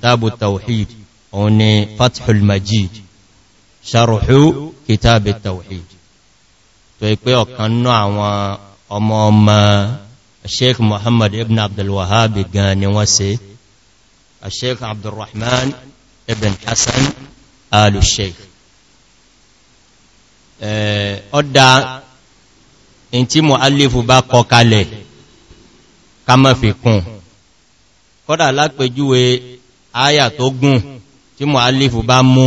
kìtàbù tàwíd òun ni fathul majid ṣarùhú kìtàbù tàwíd tó ipé ọ̀kan náà àwọn ọmọ ọmọ sheikh muhammad ibn abdulwahabi gan ni wọ́n se sheikh abdulrahman ibn hassan al-sheikh ọ̀dá in tí mo alifu bá kọ kalẹ̀ ká mọ́ fi kún kọ́dà lápẹjúwe áyà tó gùn tí mọ̀ alífù bá mú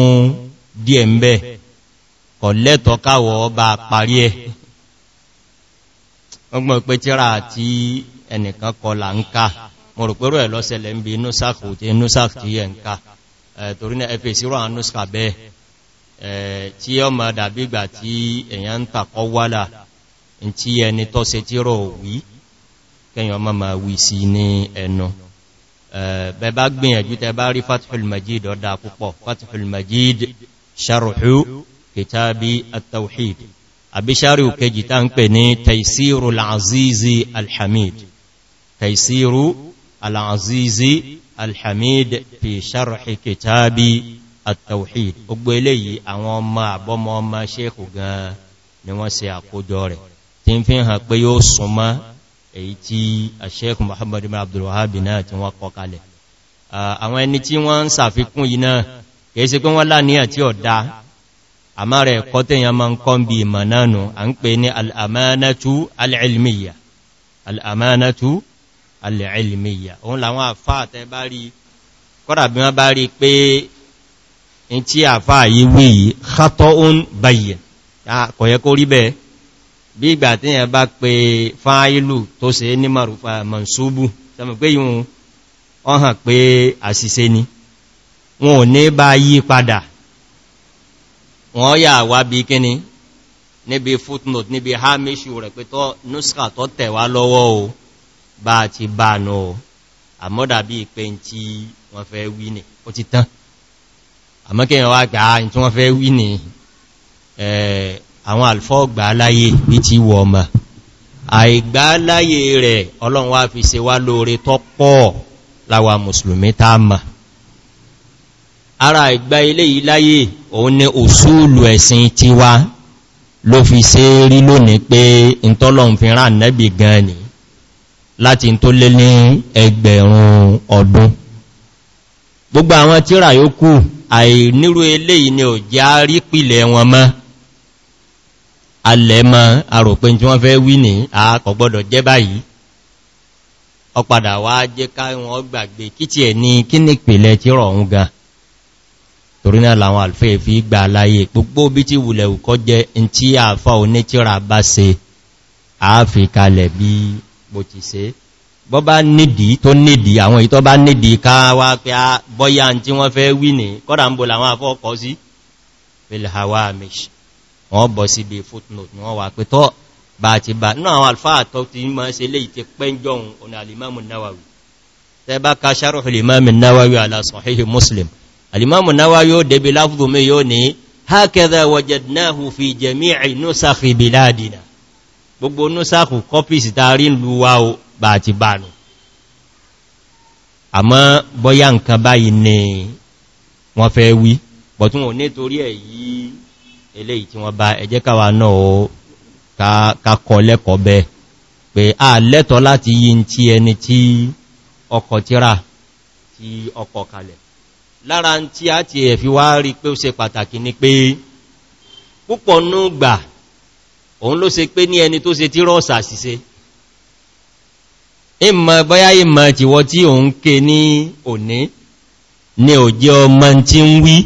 díẹ̀ ń bẹ́ kọ̀ lẹ́tọ̀ káwọ̀ ọba parí ẹ̀ ọgbọ̀n pé tíra àti ẹnìkan kọlà ń ká mọ̀ rò pẹ́rọ ẹ̀ lọ́sẹ̀lẹ̀ ń bí nusaf tí nusaf tí yẹ ń ká ma dàbí ìgbà tí kẹyàn ọmọ ma wí sí ní ẹnu Eh, bẹba gbìyànjú tẹ bá rí fatihul majid ọ̀dá púpọ̀ fatihul majid ṣarùhú kìtàbí at-tawhid àbí ṣarù kejì tá ń pè ní taisiru al'azizi alhamid taisiru al'azizi alhamid fi ṣarùhí kìtàbí at-tawhid ogbó eléyìí àwọn ọmọ àbọ́mọ ọmọ ṣe èyí tí Sheikh Muhammad ibn Abdul Wahhab náà tí wọ́n kọ kalẹ̀ àwọn ẹni tí wọ́n ń sàfikún yìí náà kìí sí pé wọ́n láníyàn tí ó dá àmá rẹ̀ kọ́tẹ̀yàn ma ń kọ́ bí ìmọ̀ náà nù à ń pè ní al'amánátú al'ilmiyya al'amánátú al'ilmiyya òun làwọn bí ìgbà tí yẹn bá pe fáìlù tó ṣe ní marufa mansubu sẹ́mọ̀ pé yíò ọ hàn pé àṣìṣe ni wọn ò ní bá yí padà wọ́n yà wá bí kíní níbi footnote níbi hamishu rẹ̀ pé tọ́ nuska tọ́ tẹ̀wá lọ́wọ́ o bá ti bá nù o àmọ́dà bí pé tí wọ́n fẹ́ wí ní ó ti tán àmọ́kẹ́yàn wá gbà àwọn alfọ́gbà aláyé bí ti wọ ọmọ àìgbà aláyé rẹ̀ ọlọ́run wá fi ṣe wá lóore tọ́ pọ̀ láwa mùsùlùmí tá mà ara ìgbà ilé yìí láyé òun ni òsúùlù ẹ̀sìn tiwa ló fi ṣe rí lónìí pé ìntọ́lọ̀un fi rán nẹ́bì gan ni láti tó lé ní ẹgbẹ̀rún ọdún gbogbo àwọn tíra yóò kú àìnírú eléyìí ni ò já rí wọn mọ́ alẹ́mọ́ arọ̀pin tí wọ́n fẹ́ wí ní àkọ̀gbọ́dọ̀ jẹ́ báyìí ọpadà wá jẹ́ káwọn gbàgbé kí tí ẹ̀ ní kí ní pèlẹ̀ tí rọ̀ ń ga torí náà làwọn alfẹ́ fi gbà aláyé púpọ̀ bí tí wùlẹ̀ ùkọ́ jẹ́ in tí àfá onítírà bá se àáfikalẹ̀ bí bó ti se bọ́ bá nídìí tó nídìí àwọn ìtọ́ wọ́n bọ̀ sí bí footnote wọ́n wà pé tọ́ bá ti bá náà àwọn alfáà tọ́ ti mọ́ sí lè ti pẹ́njọun ọ̀nà alimamu nawawi tẹ́bá ka sharuhu alimamu nawawi ala sahihi muslim alimamu nawawi yóò débi láfúdù mé yóò ní hakadha wajadnahu fi jami'i nusakhi biladina gbogbo nusakhu copies tarí ń wọ́n fẹ́ wí bọ̀tún ò nítorí ẹ̀ yìí eléyìí tí wọ́n bá ẹjẹ́ káwà náà kakọ lẹ́kọ̀ọ́ bẹ pé a lẹ́tọ̀ láti yí tí ẹni tí ọkọ̀ tíra tí ọkọ̀ kalẹ̀ lára tí a ti ẹ̀fi wá rí pé ó ṣe pàtàkì ni pé púpọ̀ núgbà òun ló ṣe pé ní ẹni tó ṣe tí rọ́ọ̀sà ṣiṣẹ́ ìmọ̀ bọ́yá ìmọ̀ tìwọ́ tí òun ké ní òní ni òjẹ́ ọmọ tí ń wí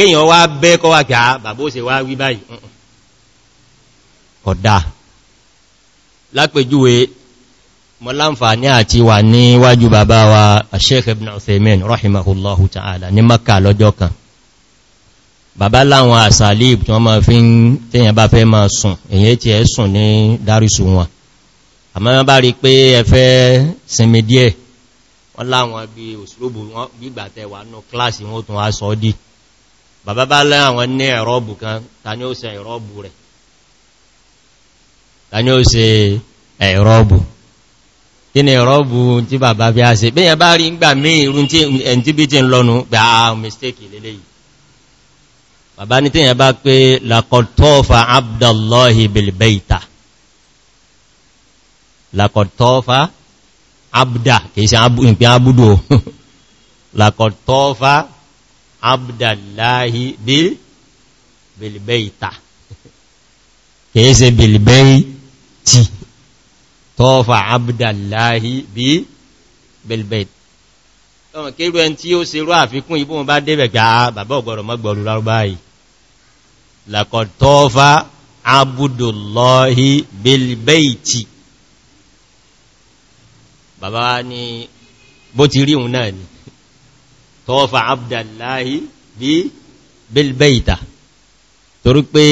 kéèyàn wá bẹ́ kọ́ wà kí a bàbó ṣe wá wí báyìí kódà lápèjúwe mọ́ láǹfààní àti wà níwájú bàbá wa Sheikh Ibn Uthaymin rahimahullahu ta'ala ní Makkah lọ́jọ́ kan bàbá láwọn àsàlìb tí wọ́n máa fi ń tẹ́yàn bá fẹ́ máa sùn èyàn tí ẹ sùn rí pé ẹ sinmi díẹ̀ wọ́n láwọn bí òṣìlóbù wọ́n gbígbàtẹ̀wà nù kíláàsì wọn tún wá sọ́ọ́dì bàbá bá lẹ́ àwọn ní ẹ̀rọ́bù kan ta ni ó ṣe ẹ̀rọ́bù rẹ̀ ta ni ó ṣe ẹ̀rọ́bù kí ni ẹ̀rọ́bù tí bàbá fi á ṣe bí yẹn bá rí ń gbà mí irun tí ẹ̀ntibí ti ń lọ́nu gbà mistake lélẹ́yìí bàbá ní tí yẹn bá pé lakọ̀tọ́fà abdallahi bilbaita lakọ̀tọ́fà abdallahi bilbeita kìí ṣe bilbeiti tọ́fà abdallahi bí bilbeita tọ́mà kí rú ẹn tí ó ṣe rú àfikún ibú wọn bá débẹ̀ pé a ah, bàbá ọgbọ̀rọ̀ mọ́gbọ̀rù lárúbáyìí laqad tọ́fà abdullahi bilbeiti bàbá ní bó ti rí òun náà ni tọ́fà abdullahi bí bilbeita torí pé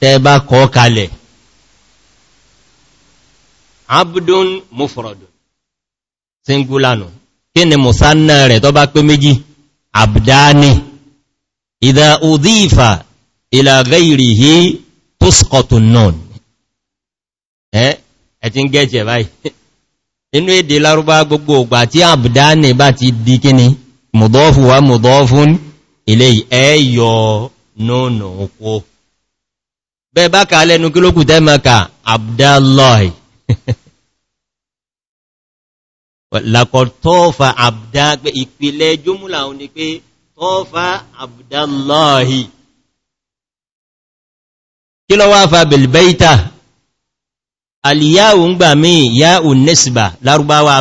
tẹba kọ kalẹ̀ abdun mufrodun singulanu kí ni musanna rẹ̀ tọ́ bá pé méjì abdani ìdá udífà ìlà gairihi tuskotun non ẹ́ ẹ̀tí ń gẹ́jẹ̀ báyìí inú èdè lárúbá gbogbo ògbà tí abdani bá ti di kíni mùdọ́fù wá mùdọ́fún ilé ẹ̀yọ nónà òkú bẹ́ bá ká lẹ́nu kí lókù tẹ́maka abdallahi lakọ̀tọ́fà abdá pé ìpìlẹ̀ jùmúlà òní pé tọ́fà abdallahi kí lọ wá fa bilbaita aliyahu ń gbà mí yá ò nẹ́sìbà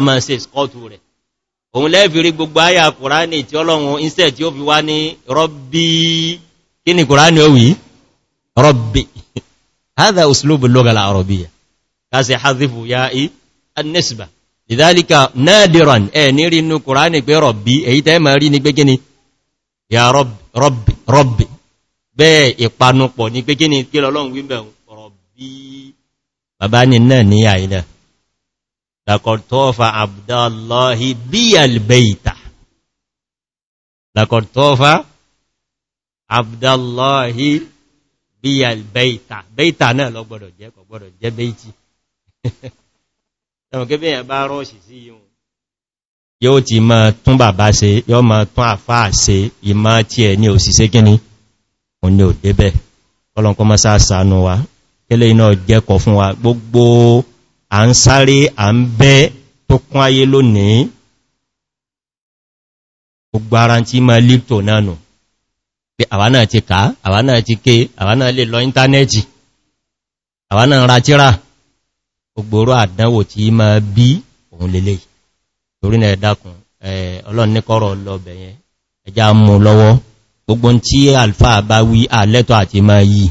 máa se skọ́tù rẹ̀ òun lẹ́fìrí gbogbo ayà kùránì tí ọlọ́run instead tí ó fi wá ní rọ́bí kí ni kùránì ó wí rọ́bí hádà òsìlóbù lọ́gàlà àrọ̀bíyà kásì hádìfù ya i annisba ìdálíkà nadiran ẹ ní rí inú kùránì pé rọ́bí èyí tẹ́ ma rí ní pé kíni ya rọ́bí bẹ́ẹ̀ ìpanupọ̀ ní pé kíni kí lọ́lọ́run lakọ̀tọ́fà abdullahi bí albeita lakọ̀tọ́fà abdullahi bí albeita beita náà lọ gbọ́dọ̀ jẹ́ kò gbọ́dọ̀ jẹ́ beiti ẹmọ̀ kébé yẹn bá rọ́ọ̀ṣì sí yíò yóò ti ma tún bàbá ṣe yóò ma tún àfá ṣe ìmá tí ẹ ní òsìsẹ́ gíní òun ni ò débẹ̀ ọlọ́nkọ́ mọ́sá sànú wa kẹ́lẹ̀ iná jẹ́kọ̀ fún wa gbogbo à ń sáré à ń bẹ́ tó kún ayé lónìí gbogbo ara tí ma líptò náà nù pé àwa náà ti ká àwa náà ti ké àwa náà lè lọ íntánẹ́ẹ̀tì àwa náà ra tíra gbogboro àdánwò tí ma bí òun lélẹ̀ torí náà ẹ̀dàkùn ọlọ́run ní ẹjá mú lọ́wọ́ gbogbo tí alfa bá wí àlẹ́tọ̀ àti ma yìí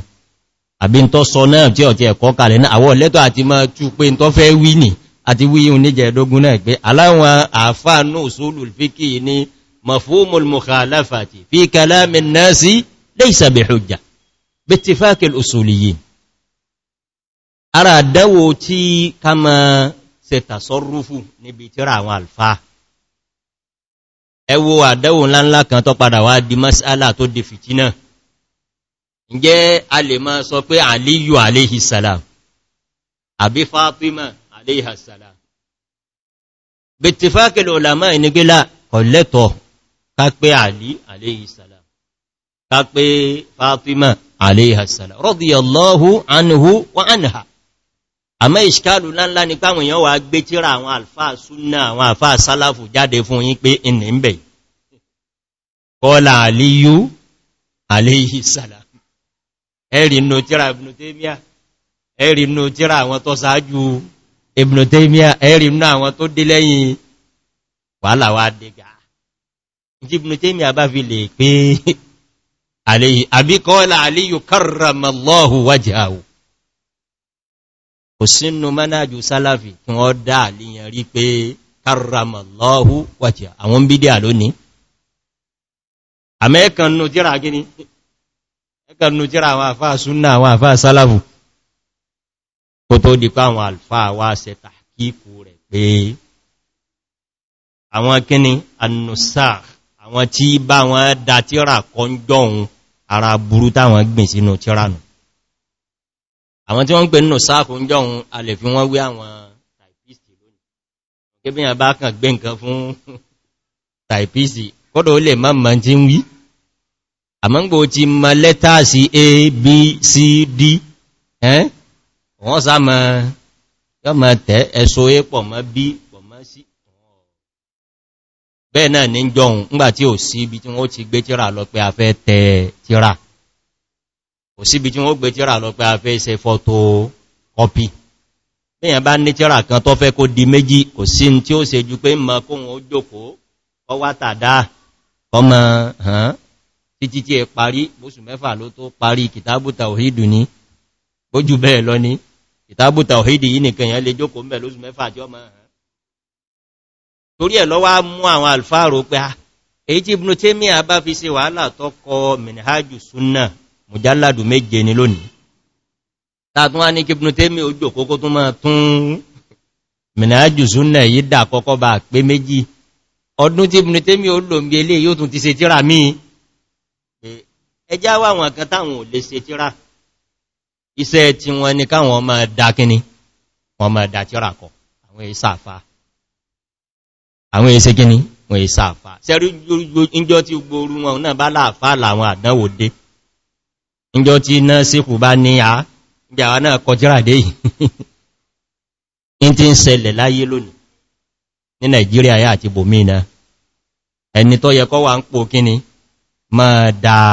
àbí ń tọ́ sọ náà tí ọ̀tí ẹ̀kọ́ kalẹ̀ náà àwọ̀ lẹ́tọ̀ àti máa tú pé ń tọ́ fẹ́ wí nì àti wí ihun níjẹ̀ ẹ̀dógún náà pé aláwọn àfáà náà usulul fiqhi ní mafhumul mukhalafati fi kalamin nasi laysa bihujja bittifaqil usuliyyin ara àdẹ́wò ǹjẹ́ a lè máa sọ pé àlíyù aléhìsàlám àbí fátímà aléhìsàlám bí ti fákìlì olàmá ìnigbélà kọ̀lẹ́tọ̀ ká pé àlí aléhìsàlám ká pé fátímà aléhìsàlám radiyallahu anhu wa anha àmọ́ ìṣkálù láńlá ni pàwọn èèyàn wà gbé tíra àwọn ẹ̀rì inú tíra Ibn Taymiyyah ẹ̀rì inú tíra àwọn tó sáájú Ibn Taymiyyah ẹ̀rì inú àwọn tó dé lẹ́yìn wàhálà wá dégà tí Ibn Taymiyyah bá fi lè pé àbíkọ́ọ́lá Aliyu karramallahu wajhahu kò sínú manájú sálàfì kí wọ́n dá àlìyàn rí pé karramallahu wajhahu lónìí àmẹ́ẹ̀kan nù tíra kẹnu tíra àwọn àfáà súnnà àwọn àfáà sálàfù kò tó dípa àwọn àlfáà wá ṣe tàkíkù rẹ̀ pé àwọn kíni annusa àwọn tí bá wọn dá tíra kọjọ́ ohun ara burú táwọn gbìn sínú tíra nù àwọn tí wọ́n ń pè nínú sáàkù ń jọ ohun fi wọ́n wé àwọn tàìpìsì lónìí kébìyàn bá kàn gbé nǹkan fún tàìpìsì kọ́dọ̀ ó lè má mọ́ tí ń wí àmọ́ngbò ti mọ lẹ́tàsí a b c d ẹ́n wọ́n sá mọ́ yọ́ ma tẹ́ ẹ̀ṣọ́ a pọ̀ b pọ̀ bẹ́ẹ̀ náà ní jọun ńgbà tí ò sí ibi tí wọ́n ti gbé tíra tẹ tíra ò sí ibi tí wọ́n gbé tíra bá ní tíra kan tó méjì kò sí tí ó ju pé mọ́ kóhun ó jókòó ọwátàdá ọmọ títí tí ẹ parí bóṣù mẹ́fà ló tó parí kìtàbù tàwíìdù ní bójú bẹ́ẹ̀ lọ ní kìtàbù tàwíìdì yìí nìkan yẹn lè jókòó mẹ́ lóṣù mẹ́fà jọ mọ́ ẹ̀hán torí ẹ̀ lọ́wọ́ mú àwọn alfáàrò pé ah, èyí tí ibùn tí mí àbá fi ṣe wàhálà tó kọ mìnìhájù súnnà mùjálàdù méje ní lónìí ọdún tí ibùn tí mí ó lò ń bí eléyìí ó tún ti ṣe tíra míì ẹjá wà wọn kan táwọn ò lè ṣe tíra iṣẹ́ tí wọ́n ní káwọn máa dá kíní wọ́n máa dá tíra kọ àwọn ìsáàfà àwọn ìṣe kíní wọ́n ìsáàfà sẹ́rí ìjọ tí gbóoru wọn náà bá láàfà làwọn àdánwò dé ìjọ tí náà síkù bá ní à bí àwọn náà ẹni tó yẹ kọ́ wà ń pò kíní máa dáa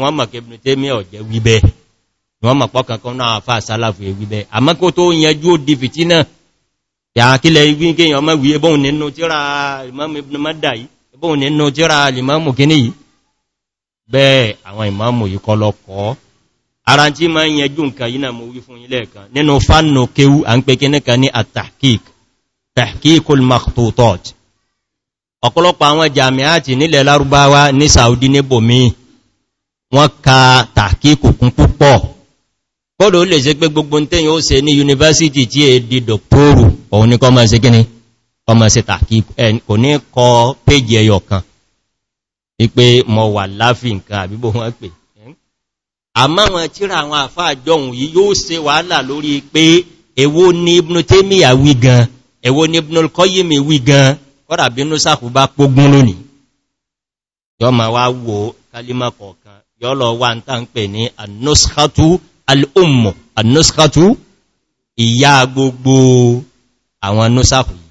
wọ́n mọ̀ kébìnrin tẹ́ mẹ́ ọ̀jẹ́ wíbẹ̀ wọ́n mọ̀ pọ́kàn kan náà fà sálàfù wíbẹ̀ àmọ́ kó tó yẹjú ó di fìtínà yàá kílẹ̀ wíkéyàn ọmọ wí ebóhun nínú tíra Imam Ibn Madda ma ń yẹjú nǹkan yìí náà mo wí fún ilẹ̀ kan nínú fánà kéwú à ń pè kíní kan ní at-tahqiq tahqiqul makhtutat ọ̀pọ̀lọpọ̀ àwọn ní Saudi wọ́n ka tàkíkù kún púpọ̀ kódò ó lè ṣe pé gbogbo tẹ́yìn ó ṣe ní yunifásitì tí è di dọ̀pọ̀rù òun ní kọ́ máa ṣe kíní kọ́ máa ṣe tàkíkù kò ní kọ péjì ẹyọ kan wípé mọ̀ wà láfí nǹkan àbíbò wọ́n pè àmá wọn tíra àwọn àfá àjọhùn yìí yóò ṣe wàhálà lórí pé èwo ní ibnu tẹ́míyà wí gan èwo ní ibnu kọ́yìmì wí gan kọ́dàbínú sàkúbá pógún lónìí yọ́ ma wá wo kálímà kọ̀ọ̀k yọ́lọ̀ wà ń tàn pè ní annuskatu al'ummu annuskatu ìyá gbogbo àwọn nusaku yìí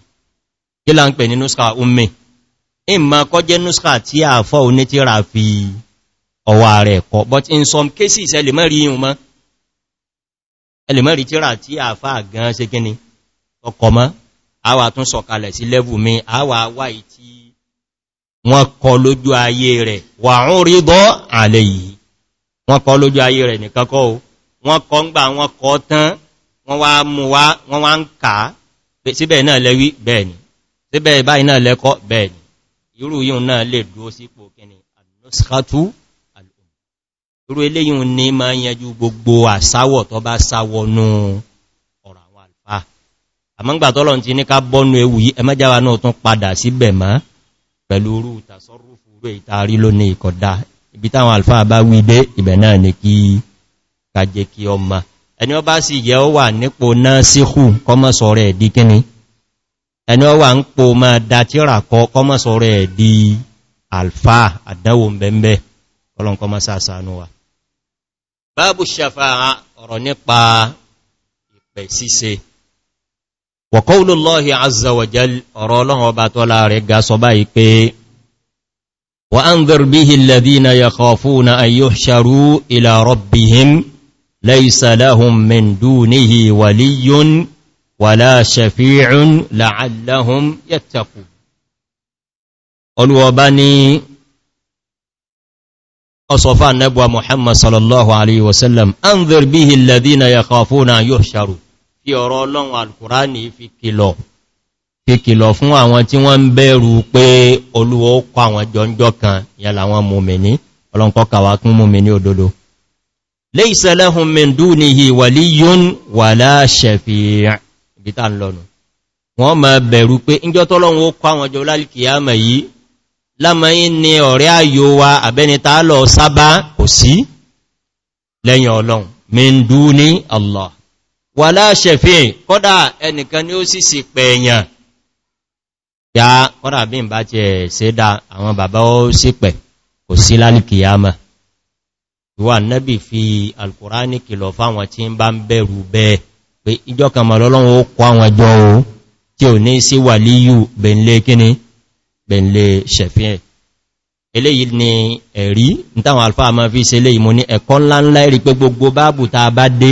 kí la ń pè ní nuska umme in ma kọ́ jẹ́ nuska tí a fọ́ oní tí ra fi ọwà rẹ̀ kọ́ but in some cases ẹlẹ̀mọ́rí yìí mọ́ ẹlẹ̀mọ́rí tí ra tí a fà gan ṣe kíni ọkọ̀ mọ́ a wà tún sọ̀kalẹ̀ sí lẹ́vù mi a wà wáyìí wọ́n kọ lójú ayé rẹ̀ wà ń rí bọ́ àlẹ́ yìí wọ́n kọ lójú ayé rẹ̀ nìkan kọ́ o wọ́n kọ ń gbà wọ́n kọ tán wọ́n wá mú wá wọ́n wá ń kà á síbẹ̀ náà lẹ́wí bẹ́ẹ̀ni síbẹ̀ báyìí náà lẹ́kọ́ bẹ́ẹ̀ni irú yíun náà lè dúó sípò kíni al-nuskatu pẹ̀lú orú tàṣọ́rúfú rẹ̀ ìtaari ló ní ìkọ̀dá ibi táwọn alfa bá wí dé ibẹ̀ náà ni kí kàjẹ kí ọmọ ẹni ọ bá sì yẹ ọ wà nípo náà síkù kọmọ́sọ rẹ̀ di kíni ẹni ọ wà ń po ma dátíra kọ kọmọ́sọ rẹ̀ وقول الله عز وجل رولهم وباتولا رقا صبايك وأنظر به الذين يخافون أن يحشروا إلى ربهم ليس لهم من دونه ولي ولا شفيع لعلهم يتقون بني أصفى النبوة محمد صلى الله عليه وسلم أنظر به الذين يخافون أن يحشروا fi ọ̀rọ̀ ọlọ́run alkùránì fi kìlọ̀ fi kìlọ̀ fún àwọn tí wọ́n ń bẹ̀rù pé olúwa ó kọ àwọn jọnjọ́ kan yàlá àwọn mùmìní ọlọ́nkọ́kàwà kún mùmìní òdodo laysa lahum min dunihi waliyyun wala shafi' bí tá ń lọ́nu wọ́n ma bẹ̀rù pé ìjọ tọ́lọ́run ó kọ ni Allah wà láṣẹ̀fíìn kọ́dà ẹnìkan ni ó sì sì pẹ̀ẹ̀yàn ya kọ́dà bí n bá ti ẹ̀ ṣédá àwọn bàbá ó sì pẹ̀ kò sí lálìkìyàmà ìwà nẹ́bì fi alkùránì kìlọ̀ fáwọn tí ń bá ń bẹ̀rù bẹ́ẹ̀ pé ìjọ kan mọ̀ lọ́lọ́run ó kọ àwọn ẹjọ́ o tí eléyìí ni ẹ̀rí ní táwọn alfáà máa fi ṣe eléyìí mo ní ẹ̀kọ́ ńláńlá ẹ̀rí pé gbogbo báàbù ta bá dé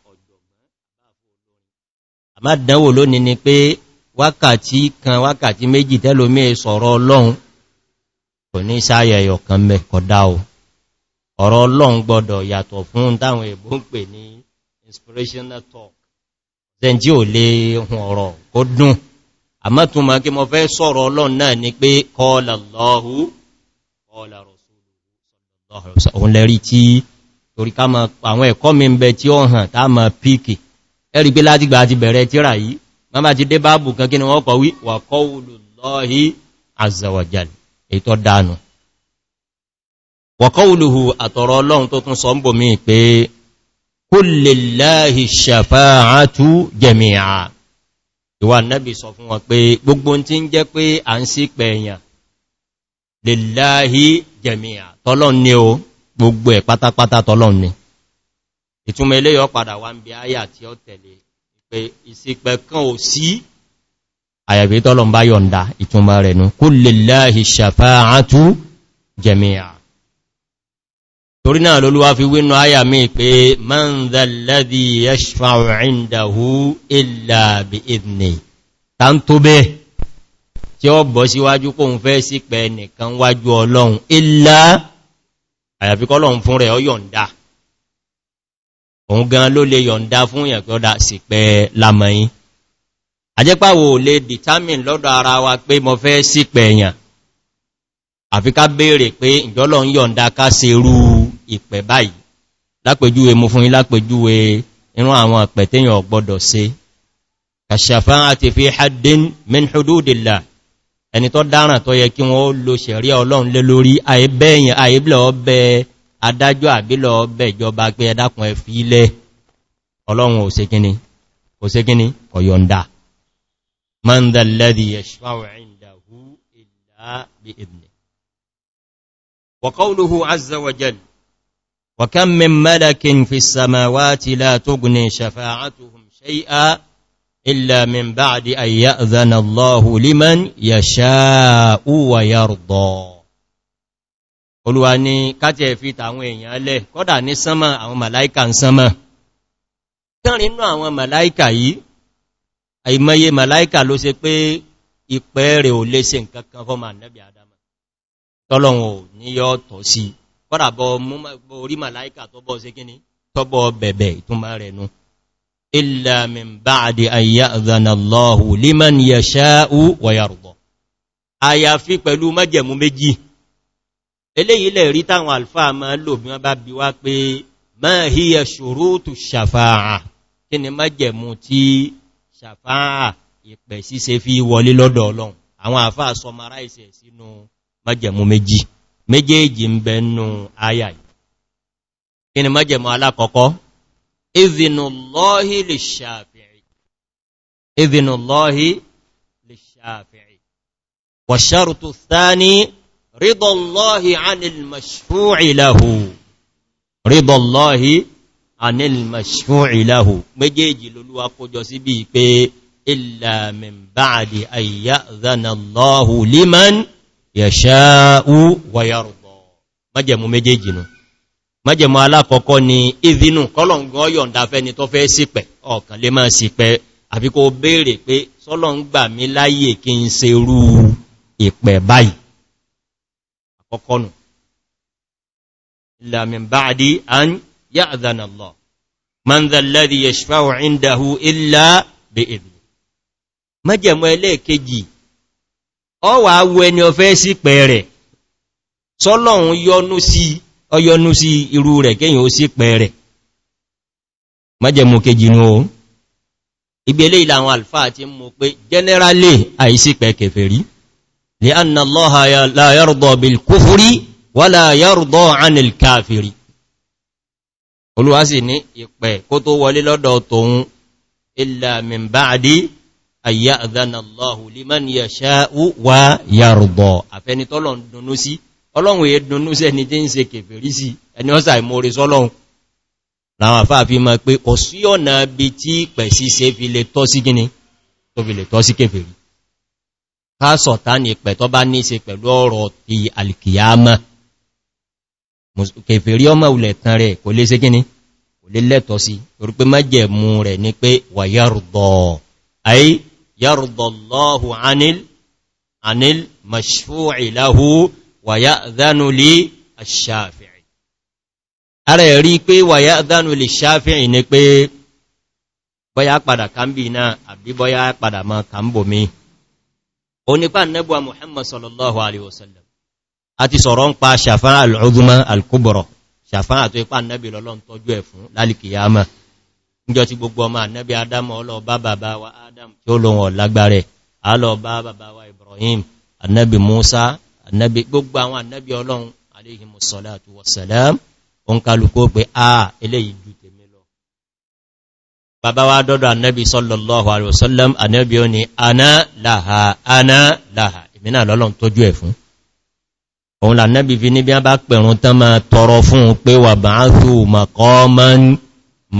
àmá dánwò lónìí ni pé wákàtí kan wákàtí méjì tẹ́lómí sọ̀rọ̀ ọlọ́run kò ní sáyẹyọ kan mẹ́kọ̀dá o ọ̀rọ̀ ọlọ́run gbọdọ̀ yàtọ̀ fún táwọn èbó ń pè ní inspirational talk then jí ò lè hun ọ̀rọ̀ kó dùn àmọ́ tún ma kí mo fẹ́ sọ̀rọ̀ ọlọ́run náà ni pé qala ẹ̀rí pé láti gbà àti bẹ̀rẹ̀ tíra yìí wọ́n bá ti dé báàbù kan kí ni wọ́n kọ̀ wí wà qawlu Allahi azza wa jal ètò dánù wa qawluhu àtọ̀rọ̀ ọlọ́run tó tún sọ lillahi jami'a ìwà ni o gbogbo ẹ̀ pátápátá tọ́lọ́n ni ìtumọ̀ ilé yọ padà wá ń bí áyà tí ó tẹ̀lé pé ìṣìpẹ̀ kan ò sí àyàbí tọ́lọ̀ bá yọ̀nda ìtumọ̀ rẹ̀ nù kú lè láàáhì ṣàfáàtú jẹmìyà torí náà lólúwá fi wínú áyà mi pé man zalladhi yashfa'u 'indahu illa bi idni ta ń òun gan ló lè yọ̀ǹda fún èyàn pé ọ́dá sì pẹ lamọ̀yìn àjẹ́pàwò lè determine lọ́dọ̀ ara wa pé mo fẹ́ sí pẹ èyàn àfi ká béèrè pé ìjọ́lọ̀ ń yọ̀ǹda ká ṣe rú ìpẹ̀ báyìí lápẹjúwe mú fún ilápẹjúwe irun àwọn àpẹ̀ téyàn ọgbọ́dọ̀ ṣe kàṣàfá àti fi haddin min hududillah ẹni tó dáràn tó yẹ kí wọ́n lo ṣẹ̀rí ọlọ́run lé lórí àìbẹ́yìn àìbẹ̀ adájọ́ àbílọ̀ bẹ̀jọba pé ẹdákun ẹ fi ilẹ̀ ọlọ́run òsèkíní òsèkíní ọ̀yọ̀ndà man dha alladhi yashfa'u 'indahu illa bi'idhnihi wa qawluhu 'azza wa jalla wa kam min malakin fis samawati la tughni shafa'atuhum shay'an illa min ba'di an Allahu liman yasha'u wa yarda olúwa ni káti ẹ̀fí tàwọn èèyàn lẹ̀ kọ́dà ní sánmà àwọn màláíkà ń sánmà kẹrin inú àwọn màláíkà yìí àìmọye màláíkà ló ṣe pé ìpẹ́ rẹ̀ ò lè ṣe nǹkan kan fọ́mà nẹ́bí adama tọ́lọ̀wọ̀n ò ní yọ́ tọ̀ sí kọ́dà bọ orí màláíkà tọ́bọ̀ ṣe eléyìí lè rí táwọn alfáà ma lò bí wọ́n bá bí wá pé ma hiya shurutu shafa'a kí ni má jẹ̀mú tí shafa'a ìpẹ̀ síse fi wọlé lọ́dọ̀ ọlọ́run àwọn àfáà summarize sínú má jẹ̀mú méjì méjèèjì ń bẹ nú àyà kí ni má rídọ̀lọ́hì anilmashúìláhù méjèèjì lolúwa kójọ sí bí pé ìlàmìn báàdì àyà zanàlọ́hù liman yà ṣáàú wayarùbọ̀ májẹ̀mú méjèèjì nù májẹ̀mú alákọ̀ọ́kọ́ ni ìdínú kọlọ̀ngọ́ yọ̀nda fẹ́ni tó fẹ́ sípẹ̀ ọ̀kan lè máa sípẹ̀ àbíkó béèrè pé sọ́lọ̀ ń gbà mí láyè kí ń ṣe rú ìpẹ̀ báyìí ọkọ̀nù illa min ba'di an ya'dhana Allah man dha alladhi yashfa'u 'indahu illa bi'idhni májẹ̀mú ẹlẹ́ẹ̀kejì ọ wà wo ẹni ọfẹ́ sí pẹ̀ẹ̀rẹ̀ sọ́lọ́run yọ́nú sí ọyọ́nú sí irú rẹ̀ kéyàn ó sí pẹ̀ẹ̀rẹ̀ májẹ̀mú kejì ní ohun ibi eléyìí làwọn àlfáà ti mú pé generally àìsípẹ̀ kèfèrí لأن الله لا يرضى بالكفر ولا يرضى عن الكافر قلوا sì ní ìpẹ̀ kó tó wọlé lọ́dọ̀ tòun illa min ba'di an ya'dhana Allahu liman yasha'u ọlọ́run èé dunnú sí ẹni tí ń ṣe kèfèrí sí, ẹni ọ́sà ìmóre sọ́lọ́run. Láwọn àfáà fi mọ̀ pé kò ọ̀nà bí tí pẹ̀ sí fi lè tọ́ sí gíní, tó fi lè tọ́ sí kèfèrí káàsọ̀tá ní pẹ̀ tó bá ní ṣe pẹ̀lú ọ̀rọ̀ ti alìkìyàmá kèfèrí ọmọ ulẹ̀ tán rẹ̀ kò lè ṣe gíní kò lè lẹ́tọ̀ sí orí pé májẹ̀mú rẹ̀ ní pé wà yárùdọ̀ ay yárùdọ̀lọ́hù anil anil bọ́yá padà kàmbì náà àbí bọ́yá padà mọ́ kàmbò mi onípa nẹ́bùwa muhammad sallallahu alaihi wasallam a ti sọ̀rọ̀ ń pa ṣàfáà al'udhma al-kubra ṣàfáà tó ipá nẹ́bì lọ́lọ́n tọ́jú ẹ̀ fún lálìkìyàmá níjọ́ tí gbogbo ọmọ nẹ́bì adamu ọlọ́ọ̀bá bàbá wa adam tí ó lóhun ọ̀lágbárẹ̀ alọ́ọ̀bá bàbá wa ibrahim annabi musa annabi gbogbo àwọn annabi ọlọ́run bàbá wá dọ́dọ̀ annabi sallallahu alaihi wasallam annabi o ni ana laha ana laha ìmìnà lọ́lọ́n tójú ẹ̀ fún òun là annabi fi ní bí a bá pẹ̀rún tán ma tọrọ fún pé wà ba'athu maqaman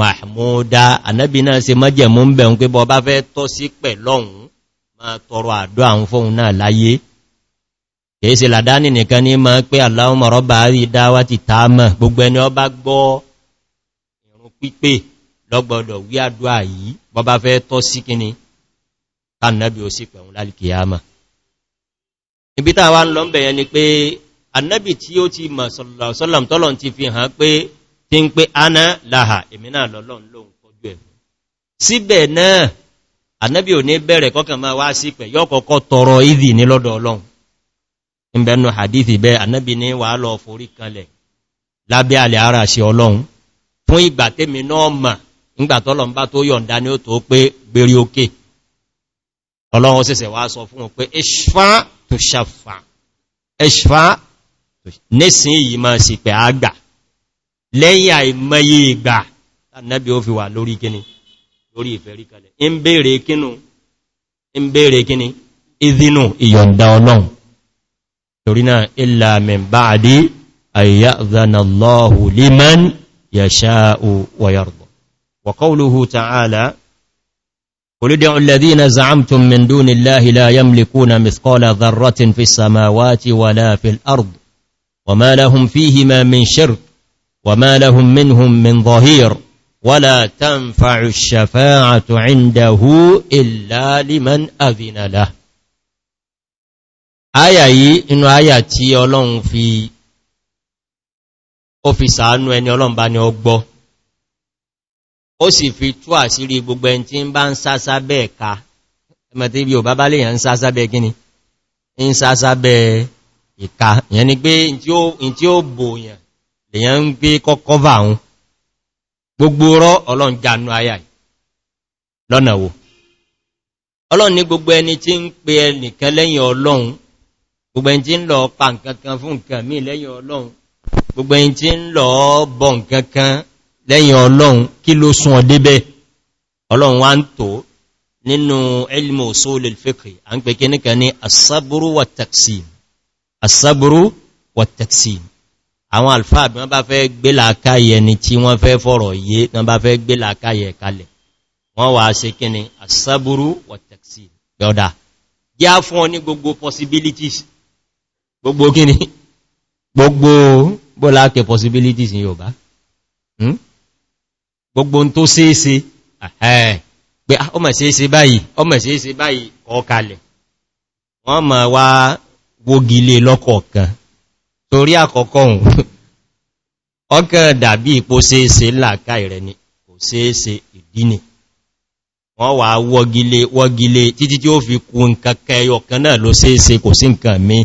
mahmuda annabi náà ṣe májẹ̀mú ń bẹ̀rún pé bọ́ bá fẹ́ tọ́ sí pẹ̀ lọ́hun pípé lọ́gbọ́dọ̀ wí àdúà yìí bọ́bá fẹ́ tọ́ sí ni kannabi ó sì pẹ̀hún lálìkìyàmà ibi tàà wá ń lọ bẹ̀yẹn ni pé annabi tí ó ti mọ̀ sọ́lọ̀m tọ́lọ̀n ti fi hàn pé tí ń pé ana láhà èmi náà lọ́lọ́n lóhun kọjú ẹ̀ síbẹ̀ náà annabi ò ní bẹ̀rẹ̀ kọ́kàn máa wá sí pẹ̀ yọ́ kọ́kọ́ hadithi bẹ́ annabi ní wà lọ forí kanlẹ̀ lábẹ́ àlẹ́ ara sí fún ìgbà tẹ́mi náà mà ńgbàtọ́lọ̀ ń bá tó yọ̀nda ní ó tó pé gbèrí òkè ọlọ́run sẹsẹ̀ wá sọ fún pé ẹṣfà tó ṣàfà ẹṣfà nísìn yìí máa sì pẹ̀ àgbà lẹ́yìn àìmọye ìgbà tàbí ó fi wà lórí kíni lórí ìfẹ̀rí kalẹ̀ ń bèèrè kínú وقوله تعالى قل ادعوا الذين زعمتم من دون الله لا يملكون مثقال ذرة في السماوات ولا في الأرض وما لهم فيهما من شرك وما لهم منهم من ظهير ولا تنفع الشفاعة عنده إلا لمن أذن له آية إن آية تي أولون في أوفيسان وإن يولون بأن يوقبه ó sì fi tú àṣírí gbogbo ẹn tí ń bá ń sásá bẹ́ẹ̀ ká ẹmọ̀tí ibi ò bábá léyàn ń sásá bẹ́ẹ̀ gíní ń sásá bẹ́ẹ̀ ìka ìyẹn ni pé in tí ó bòyàn lèyàn ń gbé kọ́kọ́ bà ń gbogbo rọ́ ọlọ́n janu aya lọ́nà wo ọlọ́n ní gbogbo ẹni tí ń pe ẹnìkan lẹ́yìn ọlọ́run gbogbo ẹni tí lẹ́yìn ọlọ́run kí ló sún ọdé bẹ́ ọlọ́run wá ń tó nínú ilmu usulil fiqhi a ń pè kí níkan ní asaburu wa taksim asaburu wa taksim àwọn alfáà bí wọ́n bá fẹ́ gbé làkáyẹ ni tí wọ́n fẹ́ fọ̀rọ̀ yé wọ́n bá fẹ́ gbé làkáyẹ kalẹ̀ wọ́n wà ṣe kí ni asaburu wa taksim yọ́dá yá fún ọ ní gbogbo possibilities gbogbo kí ni gbogbo bọ́lá kẹ possibilities ní Yorùbá hmm? gbogbo n tó ṣeéṣe pé ọmọ ah, ṣeéṣe báyìí ọmọ ṣeéṣe báyìí ọkalẹ̀ wọ́n ma wá wógilé lọ́kọ̀ọ̀kan torí àkọ́kọ́ hùn ọkàn dàbí ipò ṣeéṣe láàká ìrẹ́ ni kò ṣeéṣe ìdíni wọ́n wà wọ́gilé wọ́gilé títí tí ó fi kú nǹkan kẹyọ kan náà ló ṣeéṣe kò sí nǹkan mi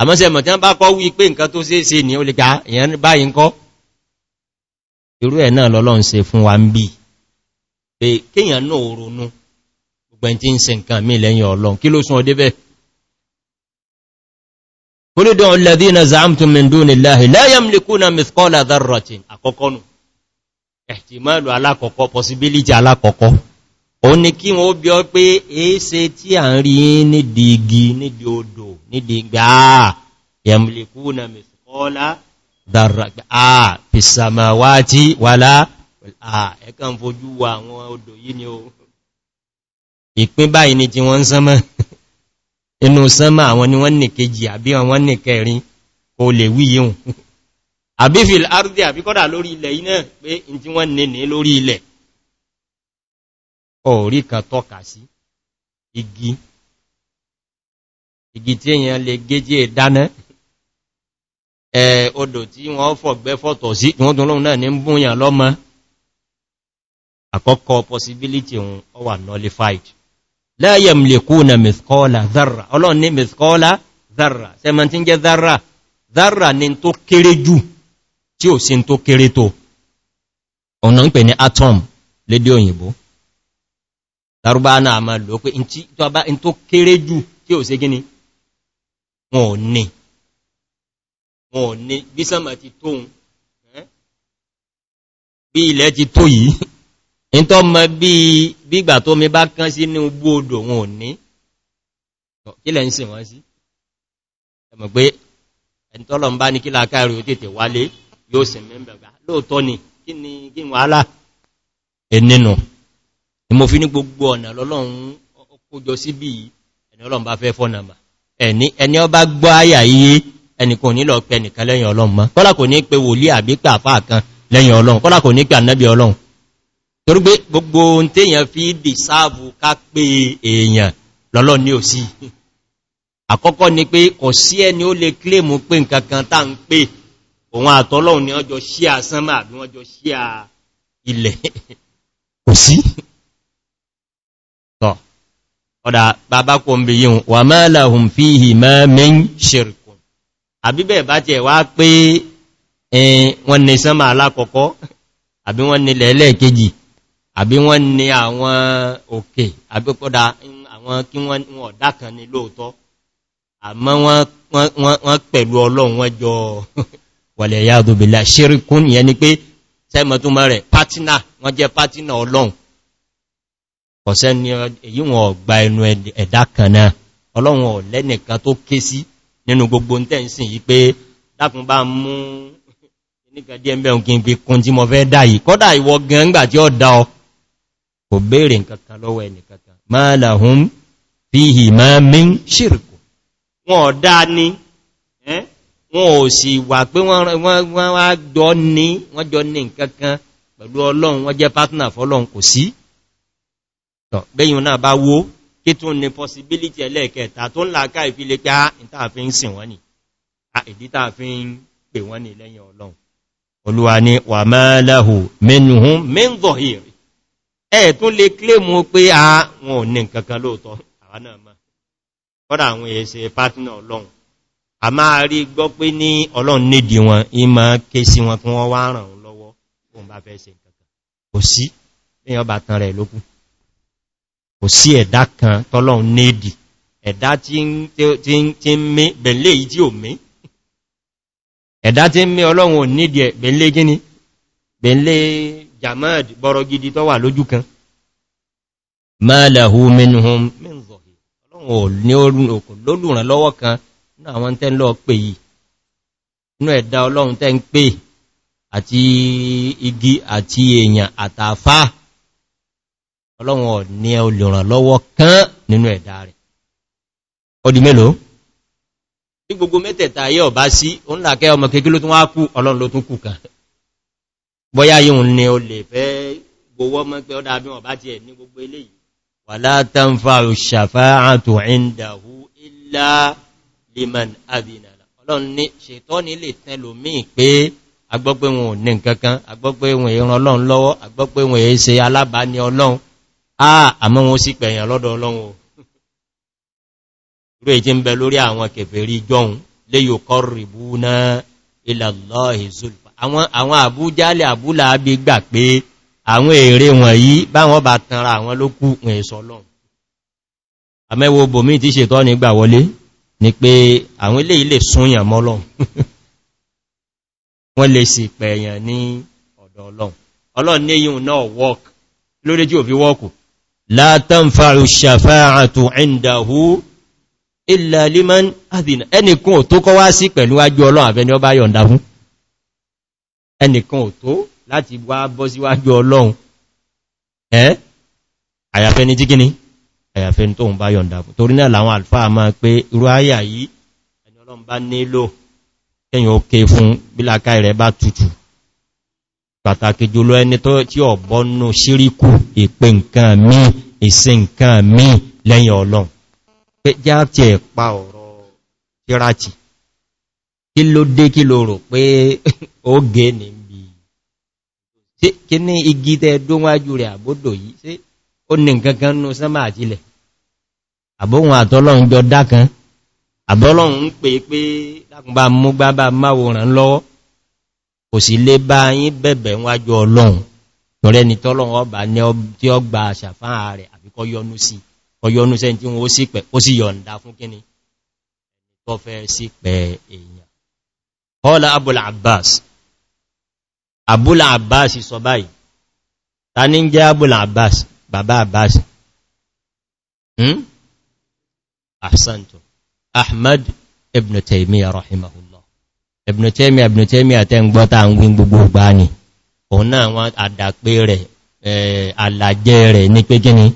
àmọ́sẹ̀mọ̀ tí wọ́n bá kọ́ wí pé nǹkan tó ṣeéṣe ni ó lè ká ah, ìyẹn báyìí kọ́ irú ẹ̀ náà lọ́lọ́run ṣe fún wa ń bí pé kíyàn náà ronú gbogbo tí ń ṣe nǹkan mí lẹ́yìn ọlọ́run kí ló sún ọdé bẹ́ kúlùdán ọlọ́dí na zaamtun min dún níláhì láyàm lè kúnà mithkola dharratin àkọ́kọ́ nù ẹ̀tìmọ́lù alákọ̀ọ́kọ́ possibility alákọ̀ọ́kọ́ ó ní kí wọ́n bí ọ pé èése tí à ń rí nídìí igi nídìí odò nídìí gbáà yàm lè mithkola dharratin dára pìsàmàwátí wàlá ẹ̀kan fojú wa àwọn odò yìí ni o ìpín báyìí ni tí wọ́n ń sánmọ́ inú sánmọ́ àwọn ni wọ́n ní kejì àbí wọ́n ní kẹrin kò lè wíyíun àbí fil ardi àbí kọ́dà lórí ilẹ̀ iná pé in tí wọ́n nìní lórí ilẹ̀ orí kan tọ́ka sí igi igi tí èyàn lè gé jẹ́ odò tí wọ́n fọ̀gbẹ́ fọ́tọ̀ sí wọ́n tún lóhun ní búnyàn lọ́mọ àkọ́kọ́ possibility òun ó wà nullified la yamlikuna mithqala dharra ọlọ́run ní mithqala dharra sẹ́mọ̀n tí ń jẹ́ dharra dharra ni tó kéré jù tí ò sí tó kéré tó ọ̀nà ń pè ní atom lédé òyìnbó Lárúbá náà máa lò pé in tó kéré jù tí ò sí gíní wọn ò ní wọn ni ní bí sánmà ti tóun bí ilẹ̀ ti tó yìí in tó mọ bí gbígbà tó mi bá kán sí ní ugbó odò wọn ò ní kílẹ̀ ń sìn wọ́n sí ẹmọ̀ pé ẹni tọ́lọ̀ ń bá ní kílà káàrí ó tètè wálé yóò sì mẹ́bẹ̀gbà ah, lóòtọ́ ni kí ni kí n wàhálà ẹnìnà ni mo fi ní gbogbo ọ̀nà lọ́lọ́run kójọ síbí ẹni ọlọ́run bá fẹ́ fọ́nàmà ẹni ọba gbọ́ àyà yìí ẹnìkan ní lọ pẹ nìkan lẹ́yìn ọlọ́run mọ́ kọ́lá kò ní pé wòlíì àbí pé àfáà kan lẹ́yìn ọlọ́run kọ́lá kò ní pé ànábì ọlọ́run torí pé gbogbo ohun téèyàn fi dì sáàbù ká pé èèyàn lọ́lọ́ ní òsì àkọ́kọ́ ni pé kò sí ẹni ó lè kílèmù pé nǹkan kan tá ń pè òun àtọ́lọ́run ni wọ́n jọ sí àsánmà àbí wọ́n jọ sí à ilẹ̀ kò sí ọ̀dà bàbá kò ń bí wà máa àbíbẹ̀ bá tiẹ̀ wá pé wọ́n ní sánmà alákọ̀ọ́kọ́ àbí wọ́n ní lẹ́lẹ́ kejì àbí wọ́n ní àwọn òkè àbí kódà àwọn kí wọ́n ọ̀dá kan ní lóòtọ́ àmọ́ wọ́n pẹ̀lú ọlọ́run wọ́n jọ wàlẹ̀ ya dùbìlà ṣíríkún yẹn ni pé sẹ́mọ̀túnmọ̀ rẹ̀ pátínà wọ́n jẹ́ ni èyí wọn ọ̀gbà ẹnu ẹ̀dá kan náà ọlọ́run ọ̀lẹ́nìkan tó ké sí nínú gbogbo tẹ́ǹsìn yìí pé dákun bá mú níkan díẹ̀ mẹ́rin kí n fi kún tí mo fẹ́ dá yìí kọ́dà ìwọ gan ńgbà tí ó dá ọ kò béèrè nǹkankan lọ́wọ́ ẹnìkankan ma lahum fihi ma min shirku wọn ò dá ní wọn ò sì wà pé wọ́n wá jọ ní wọ́n jọ kí ní possibility ẹlẹ́ẹ̀kẹta tó ń làákà ìfilé pé ìtààfin ah, sìn wọ́n ni ah, ìdí tààfin pè wọ́n ni lẹ́yìn ọlọ́run olúwa ni wà máa láhù mẹ́nuhun mẹ́ngọ̀hìrì ẹ̀ tún lè kílèmù pé a ah, wọn ò ní nǹkankan lóòtọ́ àwọn náà máa kọ́dà àwọn èsẹ̀ pátínà ọlọ́run a máa rí gbọ́ pé ní ọlọ́run nídìí wọn ìmá ké sí wọn kò sí ẹ̀dá kan tọ́lọ́un néèdì ẹ̀dá tí ń mé bẹ̀lẹ̀ yìí tí ò mé ẹ̀dá tí ń mé ọlọ́run ò nídìí ẹ̀ bẹ̀lẹ̀ gíní bẹ̀lẹ̀ jamad bọ́rọ̀ gidi tọ́wà lójú kan mẹ́lẹ̀hú minhum min zahir ọlọ́run ò lólùràn lọ́wọ́ kan nínú àwọn tẹ́ ń lọ pè yìí igi àti èèyàn àtàfáà ọlọ́run ò ní olùrànlọ́wọ́ kan nínú ẹ̀dá rẹ̀ ọdí mélòó ní gbogbo mẹ́tẹ̀ẹ̀ta ayé ọ̀bá sí òun làkẹ́ ọmọ kékeré ló tún wá kú ọlọ́run ló tún kù kan bọ́yá yíò ní o lè fẹ́ gbowó mọ́ pé ọdá bí ọ̀bá ti ẹ̀ ní gbogbo eléyìí wala ní nǹkankan agbọ́pẹ́ wọn ọlọ́run lọ́wọ́ agbọ́pẹ́ wọn èèyàn ṣe alábàání ọlọ́run àmọ́ wọn sì pẹ̀yàn lọ́dọ̀ ọlọ́run o rẹ̀ tí ń bẹ lórí àwọn kèfèrí jọun lè yóò kọ́ rìbú náà ilallahi zulfa àwọn àbújálẹ̀ àbúlàábí gbà pé àwọn èrè wọ̀nyí báwọn bá tanra àwọn lókù ẹ̀sọ́lọ́run àmẹ́wò bòmí tí ṣètọ́ nígbà wọlé ni pé àwọn ilé ilé súnyàn mọ́lọ́n wọ́n ọlọ́run ọlọ́run ní yíò náà wọ́k lórí tí ò fi wọ́kù látán fàáru ṣàfáàtù ẹ̀ndàhú ilẹ̀ liman adìnà ẹnìkan ò tó kọ́ wá sí pẹ̀lú wájú ọlọ́run àfẹ́ni ọba yọ̀nda fún ẹnìkan ò tó láti wá bọ́ sí wájú ọlọ́run ẹ́ àyàfẹ́ni jíkíní àyàfẹ́ni tó ń bá yọ̀nda fún torí náà làwọn alfáà máa pé irú ayà yìí ẹni ọlọ́run bá nílò kẹ́yìn ó ké fún bílákà rẹ̀ bá tutù pàtàkì jùlọ ẹni tó tí ọ bọ́nú síríkù ìpe nǹkan mí ìse nǹkan mí lẹ́yìn ọlọ́run pé já tí ẹ̀ pa ọ̀rọ̀ tíráti kí ló dé kí ló rò pé ó gẹ́ ní bí kí ní igi tẹ́ dúnwájú rẹ̀ àbódò yìí sí ó ní nǹkankan nú sánmà àtílẹ̀ àbóhun àtọ́lọ́run kò sí lé bá yín bẹ̀bẹ̀ wájú ọlọ́run tọ́rẹ́ ni tọ́lọ́run ọba ní tí ó gba àṣàfáà rẹ̀ àbí kọ́ yọnú sí kọ́ yọnú sẹ́ tí wọ́n sì pẹ̀ ó sì yọ̀nda fún kíni tó fẹ́ sí pẹ̀ èèyàn kọ́lá abúlà abbas abúlà abbas sọ báyìí ta ní jẹ́ abúlà abbas bàbá abbas hmm? ahsantu ahmad ibn taymiyyah rahimahullah Ibn Taymiyyah Ibn Taymiyyah àtẹ́ ń gbọ́ta ń gbín gbogbo ìgbà ni òun náà wọn àdàpé rẹ̀ alàjẹ́ rẹ̀ ní pé gíní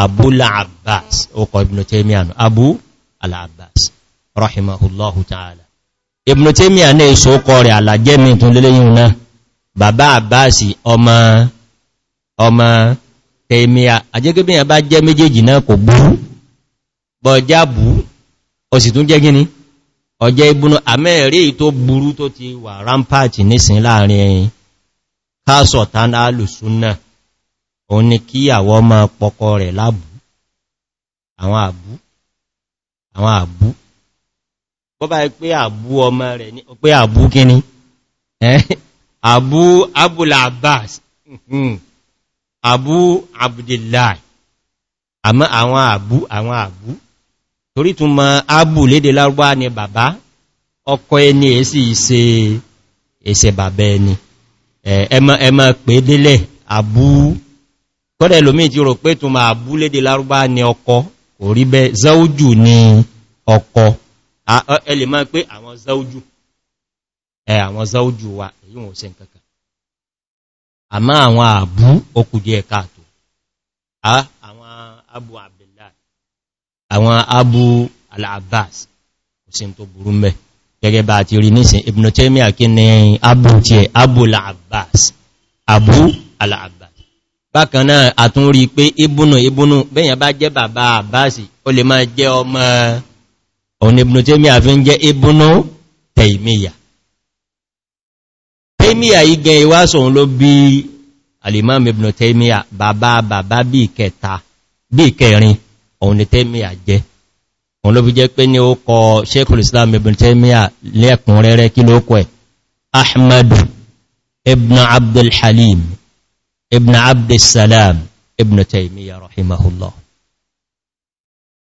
Abul Abbas ọkọ̀ Ibn Taymiyyah ànà Abu al-Abbas rahimahullahu ta'ala Ibn Taymiyyah àná èso ọkọ̀ rẹ̀ alàjẹ́ mi tún lélẹ́yìn náà bàbá Abbas ọmọ ọmọ Taymiyyah àjẹ́gẹ́bìyàn bá jẹ́ méjèèjì náà kò burú bọ̀jábù ọjẹ́ ibùnú àmẹ́rí tó burú tó ti wà rampart nísìn láàrin ẹ̀yìn káàsọ̀ tánà alùsúnnà òun ni kí àwọ́ ma pọkọ rẹ̀ lábú àwọn àbú àwọn àbú bọ́bá pé àbú ọmọ rẹ̀ ní pé àbú kíní àbú abul abbas hmm. àbú abdullahi àmọ́ àwọn àbú àwọn àbú torí tún ma ábù lédè lárúbá ni bàbá ọkọ ẹni èsì ìse èsẹ̀ bàbá ẹni ẹmọ pé délẹ̀ àbú kọ́dẹ̀ lómí ti rò pé tún ma àbú lédè lárúbá ni ọkọ kò rí bẹ́ zaújù ọkọ ẹlẹ̀ máa pé àwọn zaújù àwọn zaújù wa èyí wọn ṣe nǹkankan àmá àwọn àbú okùdí ẹ̀ka àtò àwọn àbú àbú àwọn abu al-abbas kò sí tó burú mẹ́ gẹ́gẹ́ bá ti rí nísìn ibn taymiya kí ni abu ti ẹ̀ abu al-abbas abu al-abbas bákan náà a tún rí pé ibùnù ibùnù bẹ́yàn bá jẹ́ bàbá abbas ó lè máa jẹ́ ọmọ ọ̀nà ibn taymiya fi ń jẹ́ ibùnù taymiya bí kẹrin òun ni tẹ́míà jẹ́ òun ló fi jẹ́ pé ní ó kọ Sheikhul Islam ibn tẹ́míà lẹ́kùn rẹ́rẹ́ kí ló kọ ẹ̀ Ahmad ibn Abdul Halim ibn Abdul Salam ibn tẹ́míà rahimahullah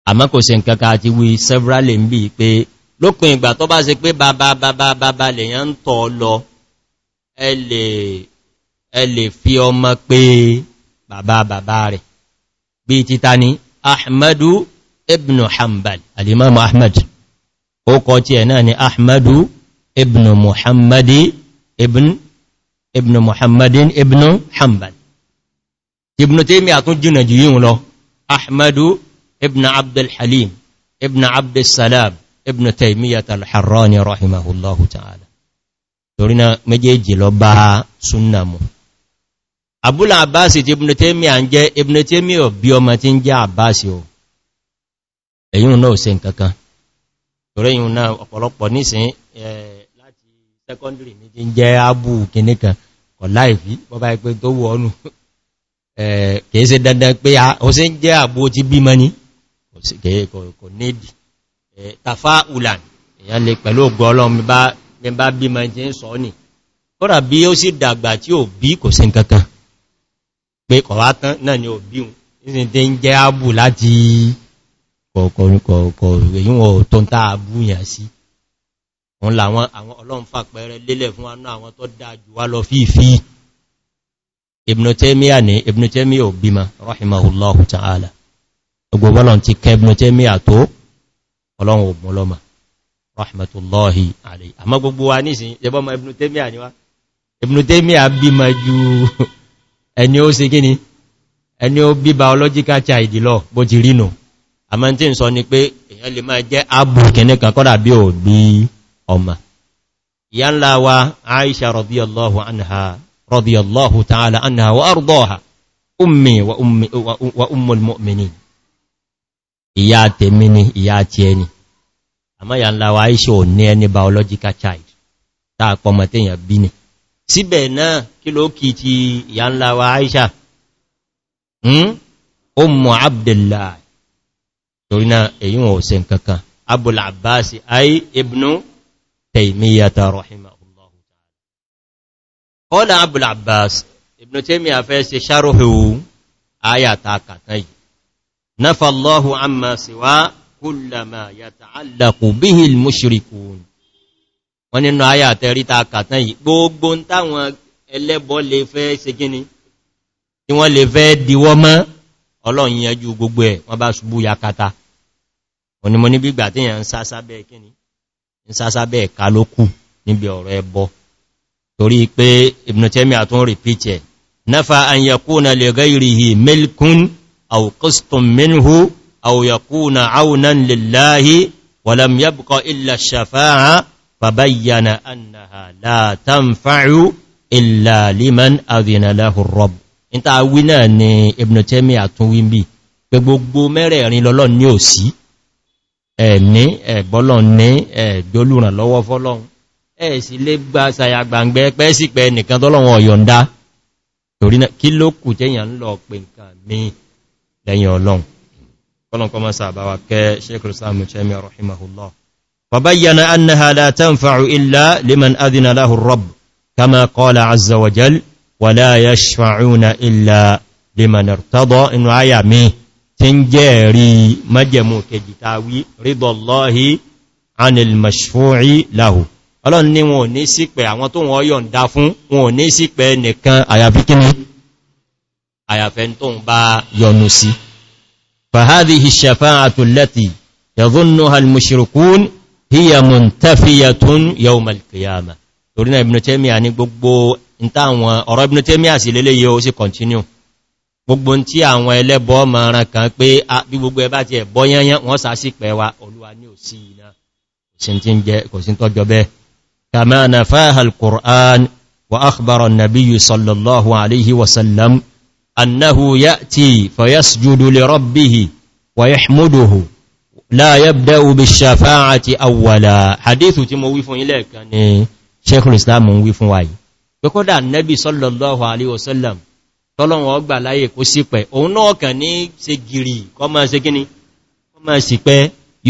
àmọ́ kò ṣe nǹkan kan àti wí several ń bí pé lópin ìgbà tó bá ṣe pé bàbá bàbá bàbá lèyàn ń tọ́ lọ ẹ lè fi ọmọ pé bàbá rẹ̀ bí títà ní ahmadu ibn hanbal alimamu ahmad ó kọ tí ẹ̀ náà ni ahmadu ibn muhammadi ibn ibn muhammadin ibn hanbal ibn taymi àtún jìnà jù yíò lọ ahmadu ibn abdul halim ibn abdul salam ibn taymiyyat al-harrani rahimahullahu ta'ala torí na lọ bá súnnà mu abúlà àbáṣì ti ibn Taymiyyah ń jẹ́ ibn Taymiyyah bí ọmọ tí ń jẹ́ àbáṣì o èyí náà ṣe nǹkankan torẹ́yìn náà ọ̀pọ̀lọpọ̀ nísìn láti secondary ní ti ń jẹ́ ábù kìnníkan kọ̀ láìfí bọ́bá ipé tó wù ọ́nù kìí dandan pé o ṣe ń jẹ́ àbú ti bí mọ́ ní kò nídì tafá ulan èyàn lè pẹ̀lú ògbọ́ ọlọ́run bá bí mọ́ ti ń sọ ní kọ́rà bí ó sì dàgbà tí ò bí kò sí nǹkankan pé kọ̀wá tán náà ni òbí un ìsìn tí ń jẹ́ ábù láti kọ̀ọ̀kọ̀ọ̀kọ̀ ìwọ̀n tó ń tàà bú yàn sí wọn làwọn àwọn ọlọ́run fàpẹẹrẹ lélẹ̀ fún wọn àwọn tó dájú wá lọ fífí Ibn Taymiyyah ní ò bímọ rahimahullahu ta'ala gbogbo ọlọ́run ti kẹ Ibn Taymiyyah tó ọlọ́run ò mọ́ lọ́mà rahmatullahi alayhi àmọ́ gbogbo wa nísìn jẹbọ́mọ ju ẹni ó ṣe gíní ẹni ó bí biological child lọ bó ti rínú àmọ́ tí ń sọ ni pé èyàn lè máa jẹ́ ààbò kẹ́ni kan kọ́dà bí ò bí ọmọ ìyá ńlá wa Aisha radiyallahu anha radiyallahu ta'ala anha wa ardaha ummi wa ummi wa ummul mu'minin ìyá tèmi ni ìyá ti ẹni àmọ́ ìyá ńlá wa Aisha ò ní ẹni biological child táàpọ̀ mọ̀ tèèyàn bí ni síbẹ̀ náà kí ló kì ti ìyá ńlá wa Aisha hmm? Ummu Abdillah torí náà èyí wọn ò ṣe nǹkankan Abul Abbas ay ibnu Taymiyyata rahimahullahu ta'ala qala Abul Abbas ibnu Taymiyyah fẹ́ ṣe sharuhu ayata kàtán yìí nafa Allahu amma siwa kullama yata'allaqu bihi mushrikun wọ́n nínú ayà àtẹ̀rí ta kàtán yìí gbogbo ń táwọn ẹlẹ́bọ lè fẹ́ ṣe gíní tí wọ́n lè fẹ́ diwọ́ mọ́ ọlọ́run yanjú gbogbo ẹ̀ wọ́n bá ṣubú yakata òní mo ní gbígbà tí yàn ń sásábẹ́ kíní ń sásábẹ́ ẹ̀ka ló kù níbi ọ̀rọ̀ ẹbọ torí pé Ibn Taymiyyah tún fàbáyàna annaha la tanfa'u illa liman adhina lahu ar-rabb níta wí náà ni Ibn Taymiyyah tún wí bí pé gbogbo mẹ́rẹ̀ẹ̀rin lọ́lọ́ ní ò sí ẹ̀ní ẹ̀gbọ́lọ̀ ní ẹ̀gbọ́lùràn lọ́wọ́ fọ́lọ́run ẹ̀ sì lè gba sàyàgbàǹgbẹ́ pẹ́ sí pẹ́ nìkan tọ́lọ́run ọ̀yọ̀ǹda torí náà kí ló kù tẹ́yàn ń lọ pé nǹkan mi lẹ́yìn ọlọ́run فبين أنها لا تنفع إلا لمن أذن له الرب كما قال عز وجل ولا يشفعون إلا لمن ارتضى إنه عيامي آية تنجاري مجمو كجتاوي رضا الله عن المشفوع له ألان نمو نسيك بي عمتو ويون دافن ونسيك بي نكان آيا بكني آيا فنتون با يونسي فهذه الشفاعة التي يظنها المشركون hiya muntafiyatun yawmal qiyamah torí náà Ibn Taymiyyah ní gbogbo ìta àwọn ọ̀rọ̀ Ibn Taymiyyah sí lélé yóò sí continue gbogbo tí àwọn ẹlẹ́bọ mara kan pé bí gbogbo ẹbá ti ẹ̀bọ́ yányán wọ́n sá sí pẹ̀wà olúwa ní ò sí iná kò sí tọ́jọ bẹ́ẹ̀ kama nafaha al wa akhbara an-nabiyyu sallallahu alayhi wa sallam annahu ya'ti fayasjudu li rabbihi wa yahmuduhu la yabda'u bish-shafa'ati awwala hadithu tí mo wí fún ilẹ̀ kan ni sheikhul islam ń wí fún wa yìí pé kódà nabi sallallahu alaihi wasallam tọ́lọ́wọ́ ọgbà láyé kó sípẹ̀ òun náà kàn ní ṣe gìrì kọ́ máa ṣe kíní kọ́ máa sì pẹ́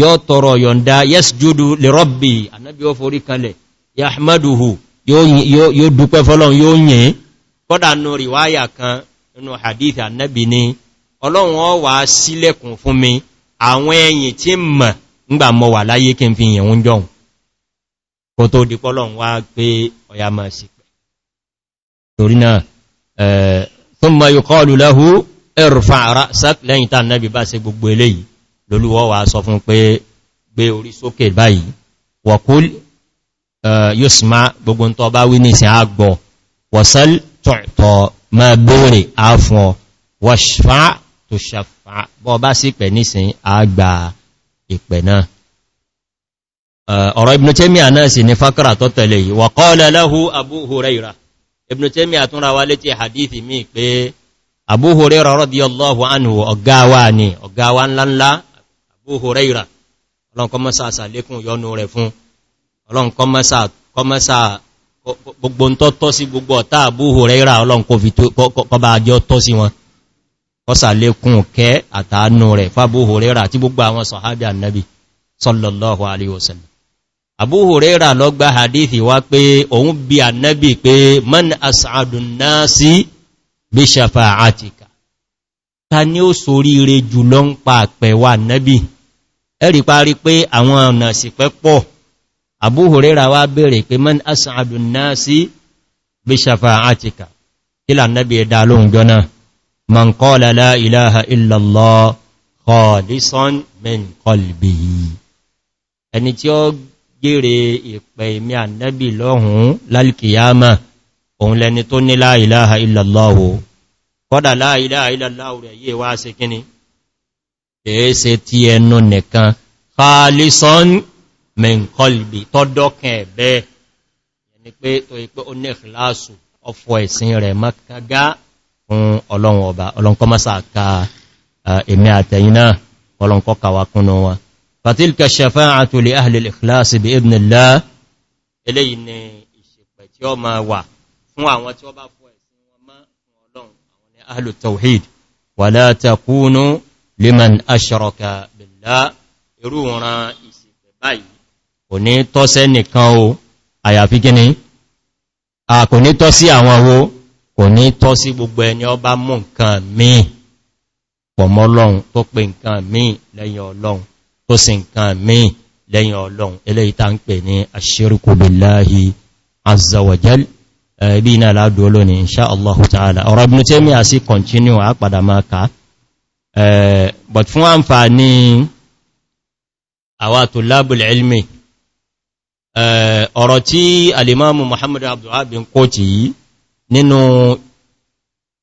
yóò tọrọ yọ̀nda yasjudu li rabbi annabi ó forí kalẹ̀ yahmaduhu yóò dúpẹ́ fọ́lọ́run yóò yìn kódà nù riwaya kan nínú hadith annabi ni ọlọ́run ó wá ṣílẹ̀kùn fún mi àwọn ẹ̀yìn tí mọ̀ ńgbà mọ̀ wà láyé kí n fi yẹ̀ ń jọun kò tó di pọ́lọ̀ wá pé ọya máa sì pẹ̀ torí náà fún ma yóò kọlù láhú ẹrùfà ara sáp lẹ́yìn tàn náà bá se gbogbo eléyìí lolúwọ́ sọ fún pé gbé orí sókè báyìí wọ̀kúl bọ́ bá sí pẹ̀ nísìn àgbà ìpẹ̀ náà ọ̀rọ̀ Ibn Taymiyyah náà sì ní fákàrà tó tẹ̀lé yìí wa qala lahu Abu Hurairah Ibn Taymiyyah tún ra wá létí hadithi mi pé Abu Hurairah radiyallahu anhu ọ̀gá wa ni ọ̀gá wa ńláńlá Abu Hurairah ọlọ́nkọ́ mọ́sá sàlékún yọnu rẹ̀ fún gbogbo ń tọ́ tọ́ sí gbogbo ọ̀tá Abu Hurairah ọlọ́nkọ́ bá jọ tọ́ sí wọn ọsàlékún kẹ́ àtàánú rẹ̀ fábú horera tí gbogbo àwọn sọ̀hábí annabi sallallahu alaihi wasallam Abu Huraira ló gba hadithi wá pé òun bi annabi pé man as'adun nasi bi shafa'atika ta ni ó soríire jùlọ ń pa àpẹ̀ wa annabi ẹ̀rì parí pé àwọn ọ̀nà sì pẹ́ pọ̀ Abu Huraira wá béèrè pé man qala la ilaha illallah khalisan min qalbihi ẹni tí ó gèrè ìpẹ̀ ìmí ànẹ́bì lọ́hun lálkìyàmà òun lẹni tó ní la ilaha illallah kọ́dà la ilaha illallah rẹ̀ yíè wá sí kíní kèése tí ẹnu nìkan khalisan min qalbi tọ́dọ́kẹ̀ bẹ́ẹ̀ ẹni pé tó fún ọlọ́run ọba ọlọ́nkọ́ masá ka èmì àtẹ̀yìnà ọlọ́nkọ́ kàwà kúnnà wọn fatilka shafa'atu li ahli al-ikhlas bi ibnillah eléyìí ni ìṣẹ̀pẹ̀ tí ó máa wà fún àwọn tí ó bá fún ẹ̀sìn wọn mọ́ fún ọlọ́run àwọn ni ahlu tawhid tọ́ kò ní tọ́ sí gbogbo ẹni ọba mú nǹkan míì pọ̀mọ́ ọlọ́run tó pe nǹkan míì lẹ́yìn ọlọ́run tó sì nǹkan míì lẹ́yìn ọlọ́run eléyìí tá ń pè ní aṣíríkù billahi azza wa jal ẹbí iná aládù olóni insha ọ̀rọ̀ ibn tẹ́mí à sí continue but fún àǹfààní àwa tulabul ilmi ọ̀rọ̀ tí alimamu muhammadu abdullahi bin kó yìí nínú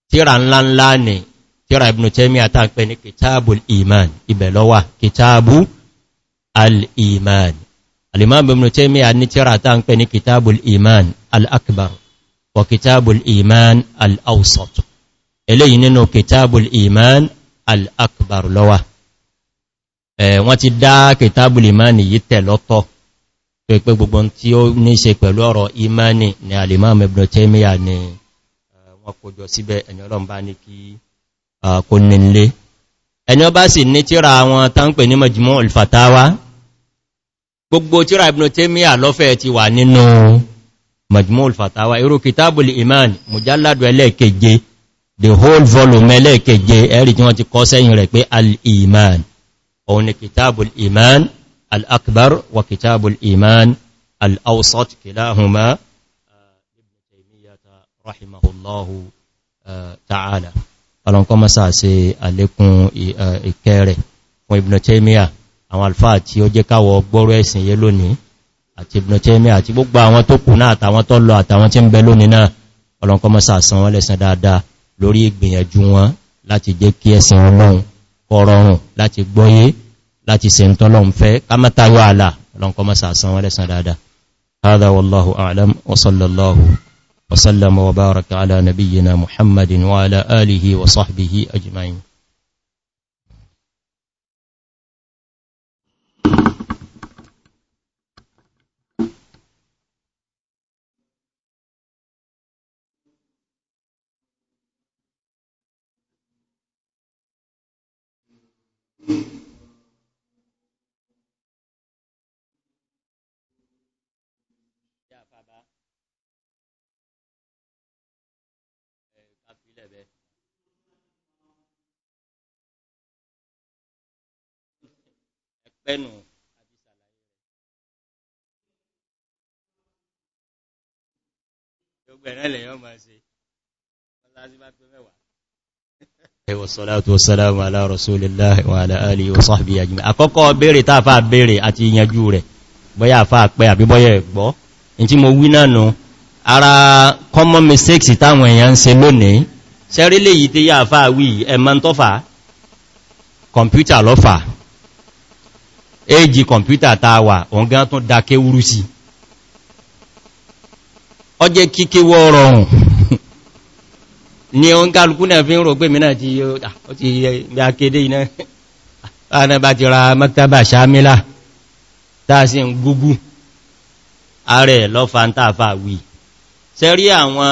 tíra ńláńlá ní tíra ibn Taymiyyah àtàpẹ ní kìtàbù al-iman ibẹ̀ ló wà kìtàbù al-iman al-imam ibn Taymiyyah ní tíra àtàpẹ ní kìtàbù al-iman al-akbar wa kìtàbù al-iman al-awsat eléyìí nínú kìtàbù al-iman al-akbar ló wọ́n ti dá kìtàbù al-iman yìí tẹ̀ lọ́tọ̀ pẹ̀pẹ̀ gbogbo tí ó ní ṣe pẹ̀lú ọ̀rọ̀ imani ni al-imam ibn Taymiyyah ni wọ́n kójọ síbẹ̀ ẹni ọlọ́run bá ní kí kó nílé ẹni ọba sì ní tíra àwọn tánpẹ̀ ní Majmu' al-Fatawa gbogbo tíra Ibn Taymiyyah lọ́fẹ́ ti wà nínú Majmu' al irú Kitabul Iman mujalladu ẹlẹ́ẹ̀keje the whole volume ẹlẹ́ẹ̀keje ẹ̀rì tí wọ́n ti kọ sẹ́yìn rẹ̀ pé al-Iman òun ni Kitabul Iman al-Akbar wa Kitabul Iman al-Awsat kilahuma rahimahullahu eh, ta'ala ọlọ́nkọ́ masá ṣe àlékún eh, ìkẹ́ rẹ̀ fún Ibn Taymiyyah àwọn alfáà tí ó jẹ́ káwọ gbọ́rọ̀ ẹ̀sìn yé lónìí àti Ibn Taymiyyah àti gbogbo àwọn tó kù náà àtàwọn tó lọ àtàwọn tí ń bẹ lónìí náà ọlọ́nkọ́ masá san wọ́n lẹ́san dáadáa lórí ìgbìyànjú wọn láti jẹ́ kí ẹ̀sìn Ọlọ́run kọrọrùn láti gbọ́yé láti ṣe ń tọ́lọ́run fẹ́ ká àlà ọlọ́nkọ́ masá san dáadáa هذا والله أعلم وصلى الله وسلم وبارك على نبينا محمد وعلى آله وصحبه أجمعين pẹ́ nù. gbogbo ẹ̀rẹ́ lè yọ́ máa ṣe ọlọ́sí bá pé mẹ́wàá Ìwọ̀sọ̀látò sálámù ala rasulillah wa ala alihi wa sahbihi ajma'in. Àkọ́kọ́ béèrè tàà fà béèrè àti ìyànjú rẹ̀, bọ́yá fà pẹ́ àbí bọ́yá ẹ̀gbọ́. In tí mo wí náà nù, ara common mistakes táwọn èèyàn ń ṣe lónìí, ṣẹ́rí lè yìí tí yà fà wí ẹ̀mọ́ tọ́fà, lọ́fà, Eji kọ̀mpútà ta wà òun gán tún dáké wúrú sí ọ jẹ́ kíkéwọ́ rọrùn ni o ń kálukú náà fi ń rò pé mìíràn ti yọ akéde iná ana bá ti ra maktaba shamila táà sí ń gúgú ààrẹ lọ́fà ń tààfà wì sẹ́rí àwọn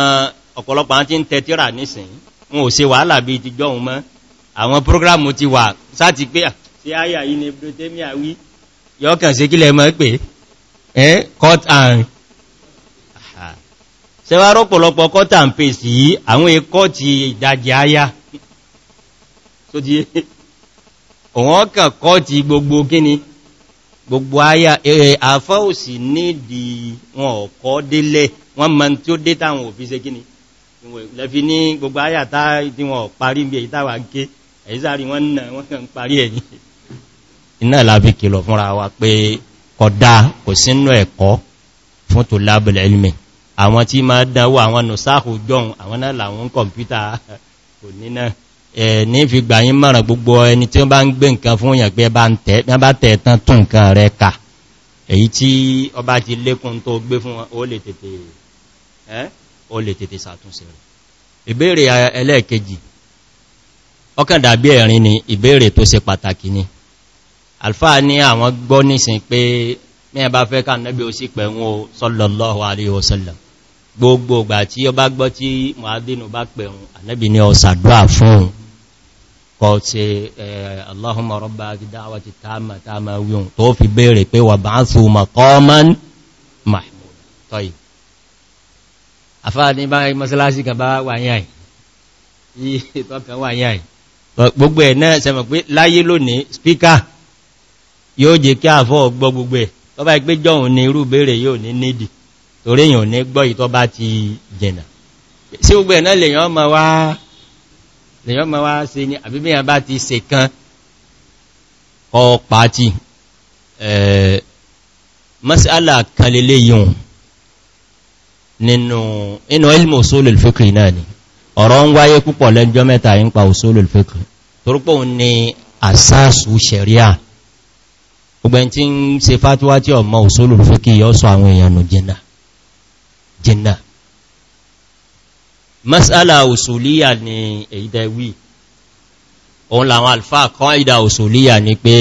ọ̀pọ̀lọpọ̀ àti ń tẹ tíra nísìn wọn ò ṣe wàhálà bí ti jọ òun mọ́ àwọn prógrámù ti wà sáti pé sí àyà yìí ni Ibrahim àwí yọ́kàn sí kílẹ̀ mọ́ pé ẹ́ cut and sẹwà rọ́pọ̀lọpọ̀ cut and paste yìí àwọn ẹkọ́ ti ìdajì ayá tó ti òwọ́n kàn kọ́ ti gbogbo kíni gbogbo ayá àfọ́ òsì nídi wọn ọ̀kọ́ délẹ̀ wọ́n mọ́ tí ó dé táwọn òfi ṣe kíni lẹ́fi ní gbogbo ayá tí wọn parí bí èyí táwà ń ké sáàrí wọ́n náà wọ́n kàn parí ẹ̀yìn iná láàbí kìlọ̀ fúnra wa pé kọ̀dá kò sínú ẹ̀kọ́ fún tó lábẹ̀lẹ̀ ilmi àwọn tí máa dánwò àwọn nùsáàkù jọun àwọn náà làwọn kọ̀mpútà kò níná ẹ̀ ní fi gbà yín mọ́ràn gbogbo ẹni tí ó bá ń gbé nǹkan fún èèyàn pé bá tẹ̀ tán tún nǹkan rẹ̀ kà èyí tí ọba ti lékún tó gbé fún ó lè tètè ó lè tètè sàtúnṣe rẹ̀ ìbéèrè ẹlẹ́ẹ̀kejì ọkàn ẹ̀rin ni ìbéèrè tó se pàtàkì ni alfáà ní àwọn gbọ́ nísìn pé mẹ́ẹ̀ bá fẹ́ ká nẹ́bí ó sì pẹ̀ wọn o sallallahu alaihi wasallam gbogbo ìgbà tí ó bá gbọ́ tí muadinu bá pẹ̀ wọn anẹ́bí ní ó ṣàdúà fún kọ́ tí allahumma rabba da'wati tamma tamma gbogbo ẹ̀ náà sẹ́mọ̀ pé láyé lónìí speaker yóò jẹ kí àfọ́ gbọ́ gbogbo ẹ̀ tó bá ìpé jọun ní irú béèrè yóò ní nídì torí èyàn ní gbọ́ ìtọ́ bá ti jìnà sí gbogbo ẹ̀ náà lèyàn ma wá ṣe ní àbíbíyàn bá ti ṣe kan ọpa ti masala kalele yìí nínú inú ilmu usulul fiqh náà ni ọ̀rọ̀ ń wáyé púpọ̀ lẹ́jọ́ mẹ́ta ń pa usulul fiqh torípò ní àsáàsù sharia gbogbo ẹn tí ń ṣe fàtíwá tí ọmọ òṣòlù fíkí yọ́ sọ àwọn èèyàn nù jìnnà jìnnà masala òṣòlíyà ni èyídẹ̀wì òun làwọn alfa kan ìdá òṣòlíyà ni pé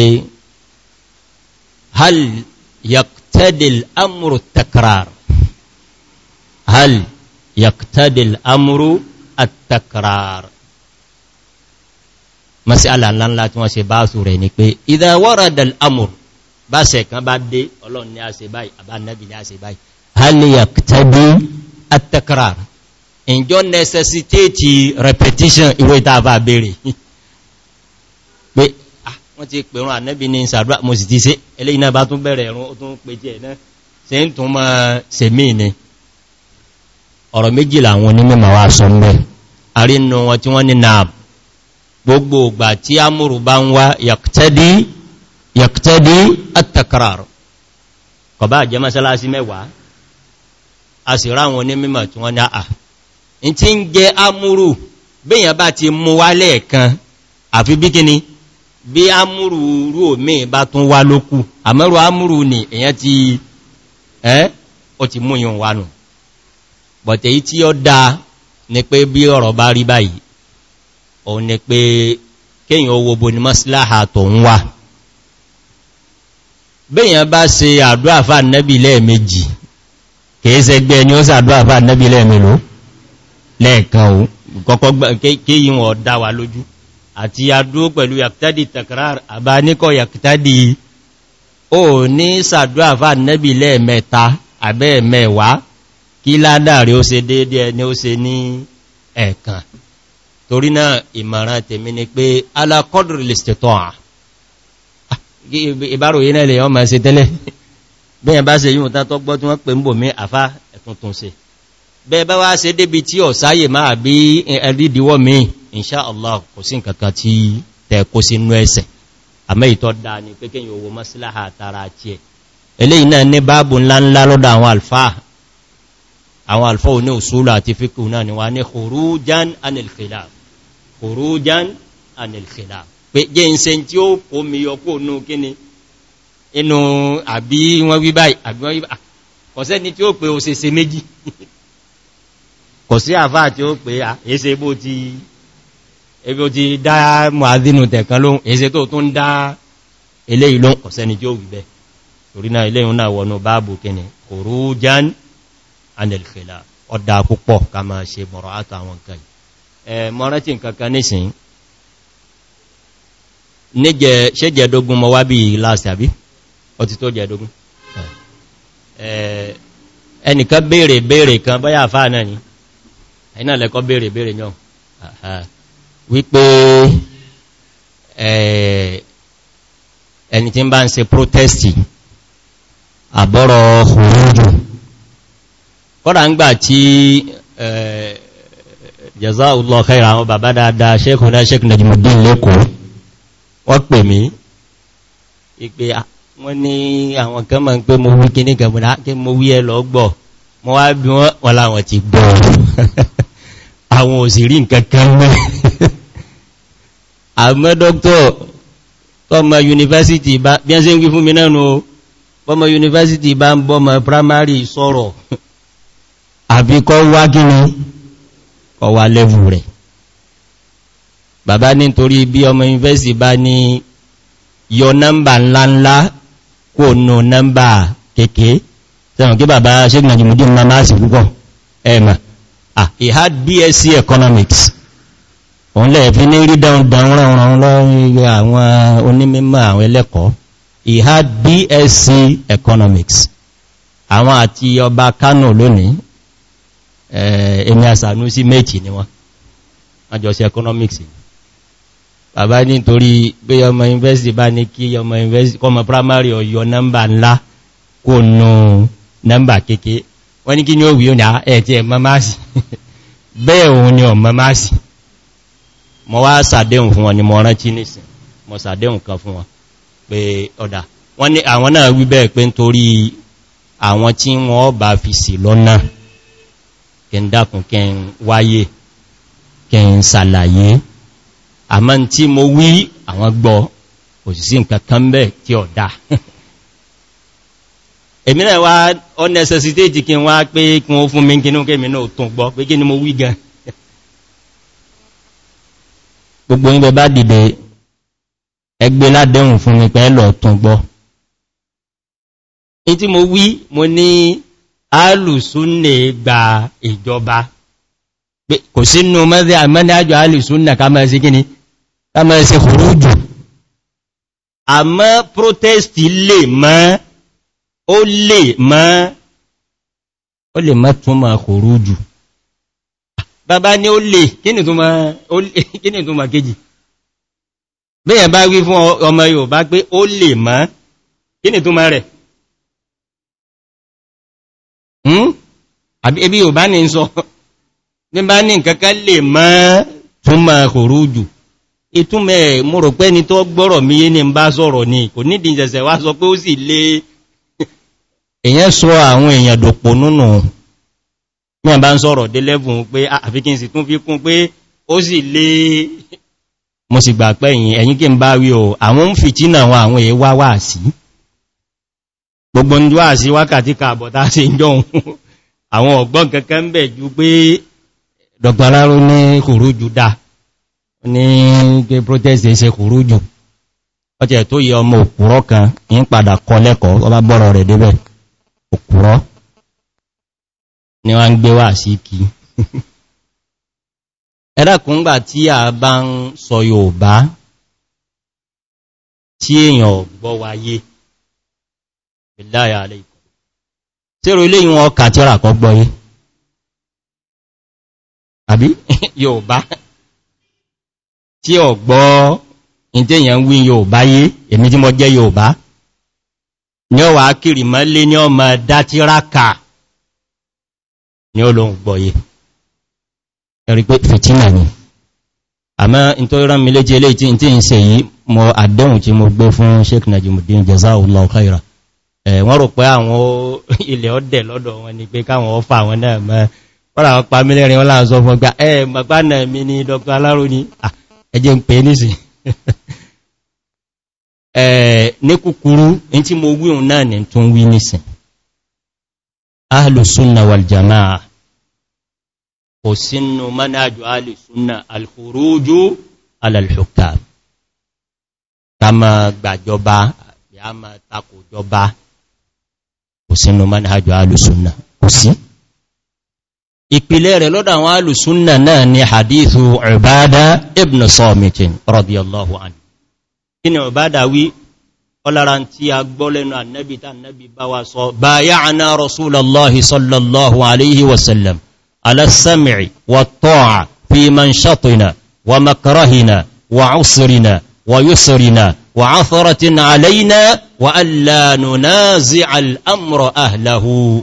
hal yaktadil amuru takrar hal yaktadil amuru at-takrar masala ńláńlá tí wọ́n ṣe bá sù rẹ̀ ni pé idha warada al bá sẹ̀kan bá dé ọlọ́run ní àṣẹ báyìí àbánẹ́bì ní àṣẹ báyìí haliyaktadi atakrar ìjọ necessitate repetition ìwé ìtàbà bèèrè pé ah, wọ́n ti pèrún ànẹ́bì ní ìsàdúrà mo sì ti ṣe eléyìí náà bá tún bẹ̀rẹ̀ ẹ̀rùn ó tún pè jẹ́ náà se ń tún máa se mí ni ọ̀rọ̀ méjì làwọn onímọ̀ wá sọ mẹ́ àrínú wọn tí wọ́n ní náà gbogbo ògbà tí amúrù bá ń wá yàktẹ́dí yàktẹ́dí àtàkàràrù kọ̀bá jẹ́ mọ́sálásí mẹ́wàá a sì ráwọn ní mímọ̀ tí wọ́n ní àà in ti ń jẹ amúrù bíyàn bá ti mú wá lẹ́ẹ̀kan àfi bí kíni bí amúrù rú omi bá tún wá lókù àmẹ́rù amúrù ni èyàn ti ẹ́ ó ti mú yùn wánu bọ̀tẹ̀ yí tí ó dá ni pé bí ọ̀rọ̀ bá rí báyìí òun ni pé kéyàn owó bo ni mọ́síláhà tó ń wà bẹ́yàn bá ṣe àdúà fà nẹ́bì lẹ́ẹ̀mejì kìí sẹgbẹ́ ni ó sàdúà fà nẹ́bì lẹ́ẹ̀mẹ́lò lẹ́ẹ̀kan o kọ́kọ́ kéyìn wọ́n dá wa lójú àti adúó pẹ̀lú yàktádì takrar àbá níkọ̀ yàktádì ó ní sàdúà fà nẹ́bì lẹ́ẹ̀mẹ́ta àbẹ́ẹ̀mẹ́wàá kí ládàrí ó ṣe ìbáròyé náà lè yọ́ ma ṣe tẹ́lẹ̀ bẹ́yẹn bá ṣe yíò tátọ́ gbọ́ tí wọ́n pè ń bò mí àfá ẹ̀tuntun ṣe bẹ́ẹ̀ bá wá ṣe débi tí ọ̀sáyè máa bí ẹ̀rídíwọ́ mi inṣá Allah kò sí nǹkankan tí tẹ kó sí inú ẹsẹ̀ àmẹ́ ìtọ́ da ni pé kí yíò wo mọ́síláhà pé jẹ́ ìṣe tí ó kó mi ọkó inú kíni inú àbí wọ́n wí kọ̀sẹ́ ni tí ó pé òṣèṣe méjì kọ̀sí àfá tí ó pé èṣe bó ti ebi ó ti dá mọ̀ádínú tẹ̀kan lóhun èṣe tó tún dá eléyìí lóhun kọ̀sẹ́ ni tí ó wí bẹ́ẹ̀ torí náà eléyìí náà wọnú báàbù kíni kòrújan anilfila ọ̀dà púpọ̀ ká máa ṣe mọ̀rọ̀ àtàwọn nǹkan yìí mọ̀rántí nǹkan kan nísìnyí níjẹ ṣe jẹ́dógún mọ́ wá bí láàsì àbí ọtí tó jẹ́dógún ẹnìkan béèrè béèrè kan bọ́yá àfáà náà ni ẹ̀yìn náà lẹ́kọ́ béèrè béèrè yàn wípé ẹni tí ń bá ń ṣe protesti àbọ́rọ̀ òrùjù kọ́dà ń gbà tí jazakallahu khairan àwọn bàbá dáadáa Sheikhuna Sheikh Najmuddin lẹ́kọ̀ọ́ wọ́n pè mí ìpé wọ́n ní àwọn kan mọ̀ pé mo wí kíní gẹ̀mùdá kí mo wí ẹ lọ gbọ́ mo wá bí wọ́n láwọn ti gbọ́ àwọn òsìrí nkankan mẹ́ àmọ́ dókítọ̀ tọ́mọ yunifásitì bá bí ẹ́ sí ń wí fún mi náà nù yunifásitì bá ń bọ́mọ primary sọ̀rọ̀ àbíkọ́ wá kíní kọwà lẹ́vù rẹ̀ bàbá nítorí bí ọmọ yúnivẹ́sì bá ní yọ nọ́mbà ńláńlá kò nù nọ́mbà kéèké sẹ́wọ̀n kí bàbá ṣégun àjìmúdí ma máa sì púpọ̀ ẹ̀mà he had BSc economics òun lẹ́ẹ̀ fi ní rí dáun dáun ránran lọ́rin àwọn onímímọ̀ àwọn he had BSc economics àwọn àti ọba Kano lónìí èmi àsànú sí méjì ni wọ́n àjọsí economics ni bàbá ní torí pé ọmọ university bá ní kí ọmọ university kọmọ primary ọ̀yọ́ nọ́mbà ńlá kò nù nọ́mbà kéèké wọ́n ní kí ní ó wí òní ẹ̀tí ẹ̀mọ́ máa sì bẹ́ẹ̀ òun ni ọmọ máa sì mọ́ wá sàdéhùn fún wọn ni mọ́ rántí nìsìn mọ́ sàdéhùn kan fún wọn pé kí ń dákùn kí ń wáyé kí ń sàlàyé àmá tí mo wí àwọn gbọ́ òsìsí nǹkan kan bẹ́ tí ọ̀ dá èmi náà wá unnecessitate kí wá pé kí wọ́n fún mi kínú kémi náà tún gbọ́ pé kí ni mo wí gan gbogbo ń bẹ bá dìde ẹgbẹ́ ládẹ́hùn fún mi pẹ́ tún gbọ́ in mo wí mo ní alùsúnnè gba ìjọba kò sínú mẹ́rin àmẹ́rin àjọ alùsúnnà ká máa sí kíni ẹmọ ẹsẹ̀ kòrójù àmọ́ protest lè mọ́ ó lè mọ́ ó lè mọ́ tún máa kòrójù bàbá ní ó lè kíni tó máa kéjì bẹ́yàn bá wí fún ọmọ Yorùbá pé ó lè mọ́ kíni tó máa rẹ̀ hmm? àbí Yorùbá ní sọ bí bá ní nǹkankan lè mọ́ tún máa kòrójù ìtúnmẹ̀ mo rò pé ni tó gbọ́rọ̀ mi yé ní ń bá sọ̀rọ̀ ni kò nídìí ìṣẹ̀ṣẹ̀ wá sọ pé ó sì lé èyàn sọ àwọn èèyàn dòpò nínú mẹ́rin bá ń sọ̀rọ̀ dé lẹ́bùn pé ah, àfikín tún fi kún pé ó sì lé mo sì gbà pẹ́ yìn ẹ̀yìn o àwọn ń fi tínà àwọn àwọn èè wá wà sí gbogbo ń wà sí wákàtí kààbọ̀tá sí jọun àwọn ní kòrò jù dáa ní gẹ́ protest ṣe kúrú jù ọjẹ́ tó yí ọmọ òkúrọ́ kan ní padà kọ lẹ́kọ̀ọ́ ọba bọ́rọ̀ rẹ̀ débẹ̀ òkúrọ́ ni wọ́n ń gbé wà sí kí ẹ̀dàkùngbà tí a bá ń sọ Yorùbá tí èyàn gbọ́ wáyé ìdáyà alẹ́ tí ò gbọ́ ìtẹ́yàn wí Yorùbá yé èmi tí mo jẹ́ Yorùbá ní ọwà kiri mọ́lé ní ọmọ dátíráka ní olóhùn gbọ́yé ẹ̀rí pé fìtínà ni àmọ́ in tó rán mi léjì ilé tí tí ń ṣe yìí mọ àdéhùn tí mo gbé fún Sheikh Najimuddin Jazahullahu Khaira wọ́n rò pé àwọn ilẹ̀ ọdẹ̀ lọ́dọ̀ wọn ni pé káwọn ọfà àwọn náà mọ́ wọ́n rà pa mílẹ̀rin wọ́n láàzọ́ fún gbà ẹ̀ mọ̀gbánà mi ni Dr. Aláró ah ẹjẹ́ ń pè nísì ní kúkúrú in tí mo wíhun náà ní tó ń wí nísì ahìlùsúnnà wàljama'a kò sínú manájú ahìlùsúnnà alhùrújú alalhùkà ká ma gbàjọba ya ma takòjọba kò sínú manájú ahìlùsúnnà kò sí ìpìlẹ̀ rẹ̀ lọ́dọ̀ àwọn alùsúnnà náà ni hadithu ọ̀bádá ibn sọ́mìtín radiyallahu anhu kí ni ọ̀bádá wí ọlára tí a gbọ́ lẹ́nu annabi ta annabi bá wa sọ bá yá àná rasulallahi sallallahu alaihi wasallam alasami'i wa ta'a fi man shatina wa makarahina wa usrina wa yusrina wa atharatin alaina wa allanu nazi al'amra ahlahu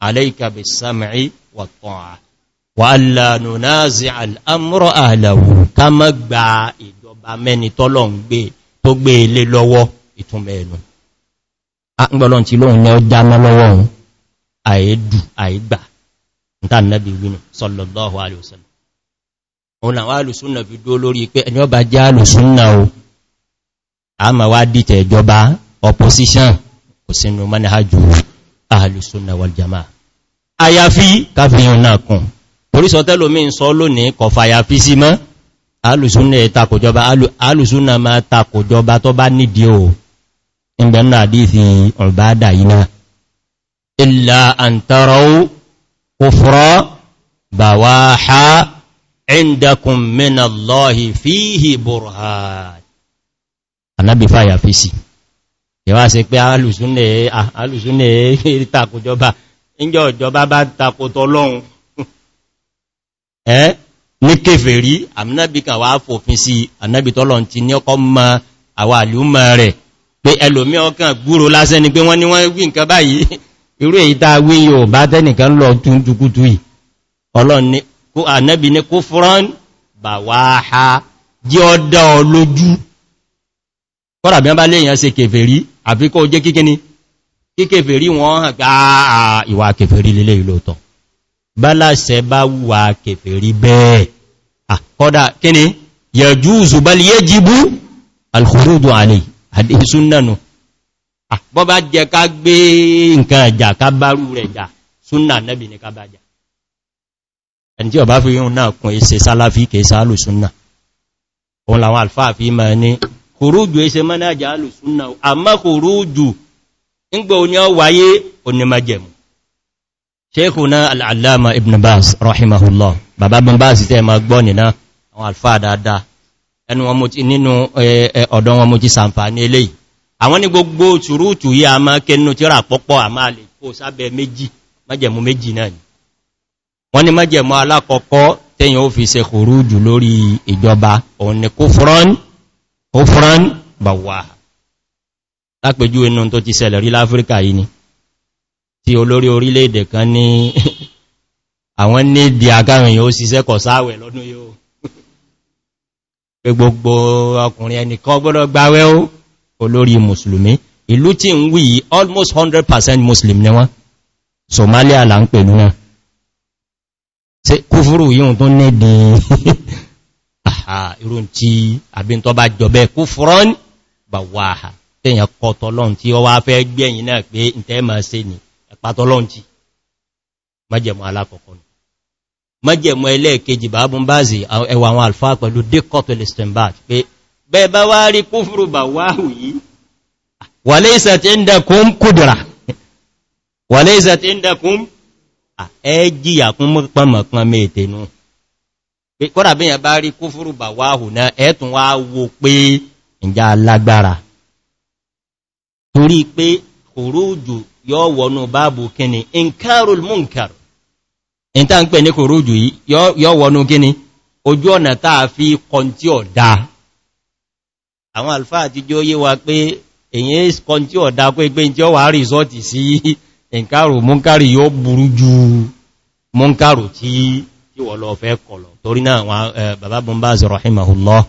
alayka bis-sam'i wat-ta'ah wa allā nunāzi'a al-amra ahlahu ká má gba ìjọba mẹ́ni tọ́lọ̀ ń gbé tó gbé ilé lọ́wọ́ ìtúnmẹ̀ ẹnu agbọ́lọ́n ti lóhun ní ọjá lọ́wọ́ ohun àìdù àìgbà níta nẹ́bí wínú sallallahu alaihi wasallam àwọn alùsúnnà fi dúó lórí pé ẹni ọba jẹ́ alùsúnnà o a ma wá dìtẹ̀ ìjọba opposition kò sínú manhaju ahàlùsùnà wàljàmà àyàfí káfíyàn náà kùn orísọ tẹ́lò mí ń sọ lónìí kọfà àyàfí sí mọ́ ahàlùsùnà takòjọba ahàlùsùnà ma takòjọba tó bá nídìí o ìgbẹ̀nà àdífi ọ̀bádà iná ìlà àntàràwó kòfúrọ́ bàwáhá yẹwà sí pé alùsúnlẹ̀ ìtàkùjọba ìjọ ìjọba bá takòtò ọlọ́run ẹ́ ní kèfèrí àmìnàbíkà wà fòfin sí ànàbìtọ́lọ̀ ti ní ọkọ̀ mọ́ àwà àlúmọ̀ rẹ̀ pé ẹlòmí ọkàn gbúrò lásẹ́ ni pé wọ́n ní wọ́n wí nǹkan báyìí irú èyí tá wí yóò bá tẹ́nìkan lọ tún tukutu yìí ọlọ́ni kó ànẹ́bì ní kó fúrán bà wá ha jí ọdá ọ lójú kọ́rà bí wọ́n bá léèyàn ṣe kèfèrí àfikọ́ jẹ́ kíkẹ́ ni kíkèfèrí wọn àgbà ìwà kèfèrí lélẹ̀ ìlòtọ̀ bá láṣẹ bá wà kèfèrí bẹ́ẹ̀ àkọ́dá kíni yẹjúùsù bá lè jíbú alkhurúdù alì àdísúnnànù bọ́ bá jẹ ká gbé nǹkan ẹ̀jà ká bárú rẹ̀ jà súnnà nẹ́bì ní ká bá jà ẹni tí ọba fi kòrójù ẹsẹ̀ mọ́nájà alùsúnnà àmá kòrójù ńgbà oní ọwáyé onímọ̀jẹ̀mù ṣékùná al'allama ibn bas rahimahullah bàbá ibn bas tẹ́ ma gbọ́ nìna àwọn alfa dáadáa ẹnu wọn mo ti nínú ọ̀dọ́ wọn mo ti sàǹfàní eléyìí àwọn ní gbogbo tùrútù yí a máa kẹnu tí rà pọ́pọ́ àmá lè kó sábẹ̀ méjì májẹ̀mú méjì náà ni wọ́n ni májẹ̀mú alákọ̀ọ́kọ́ tẹ́yìn ó fi ṣe kòrújù lórí ìjọba òun ni kó fúrọ́nì ọ̀fúran bà wà lápẹjú inú tó ti ṣẹlẹ̀ rí láfíríkà yìí ni tí olórí orílẹ̀-èdè kan ní àwọn ní di agárin yóò ṣiṣẹ́ kọ̀ sáwẹ̀ lọ́dún yóò pé gbogbo ọkùnrin ẹnìkan gbọ́dọ̀ gbáwẹ́ ó olórí mùsùlùmí ìlú tí ń wí almost 100% muslim ni wọ́n Somalia là ń pè ní náà kúfúrú yíò tó ní di irun tí àbí tó bá jọbẹ́ kú fúrán bà wáhà tẹ́yàn kọ tọ́lọ́n tí ó wá fẹ́ gbẹ̀yìn náà pé ìtẹ́ máa se ní ẹ̀pá tọ́lọ́n tí májẹ̀mú alákọ̀ọ́kọ́ nù májẹ̀mú ẹlẹ́ẹ̀kejì bàbún báàzì ẹwà àwọn alfa pẹ̀lú dékọ̀tọ̀ listenberg pé bẹ́ẹ̀ bá wá rí kúfùrù bà wáhù yìí wàléìsàtí ìndàkún kúdùrà wàléìsàtí ìndàkún ẹ̀ẹ́jìyà kún kọ́dà bí yẹn bá rí kúfúrù bà wá hùnà ẹ̀ẹ́tùn wá wo pé ìjà lágbára torí pé kòrójù yóò wọnú báàbù kíni inkarul munkar in ta ń pè ní kòrójù yóò wọnú kíni ojú ọ̀nà táà fi kọntí ọ̀dá àwọn alfa àti jọ yé wa pé èyí kọntí ọ̀dá pé pé jọ wà rìsọ́tì sí inkarul munkar yóò burú ju munkaru tí yíwọ̀ lọ fẹ́ kọ̀lọ̀ torí náà àwọn bàbá Bombaz rahimahullah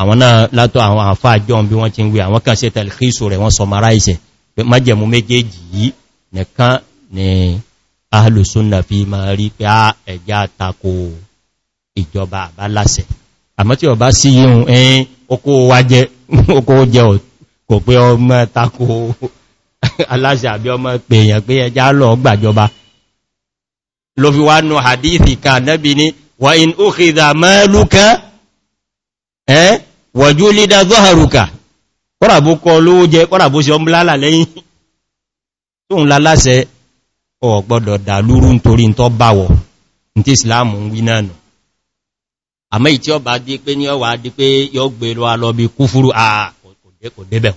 àwọn náà látọ̀ àwọn àfáàjọ́ bí wọ́n ti ń wé àwọn kan ṣe tàlìkìsù rẹ̀ wọ́n summarize pé májẹ̀mú méjèèjì yìí nìkan ni ahlùsúnnà fi ma rí pé á ẹ̀já tako ìjọba àbálàṣẹ àmọ́ tí ọba ọmọ pèèyàn pé ẹjá lọ gbàjọba ló fi wá nù hadithi ka nábi ni wa in ukhidha maluka eh wa julida dhaharuka kọ́rà bó kọ lówó jẹ kọ́rà bó sí ọmọ lálà lẹ́yìn tó ń lálásẹ ọ̀ gbọ́dọ̀ dà lúrú nítorí ń tọ́ báwọ̀ ní tí ìsìláàmù ń wí náà nù àmọ́ ìtí ọba dí pé ní ọwà dí pé yọ gbé lọ alọ́bí kúfúrú àkò débẹ̀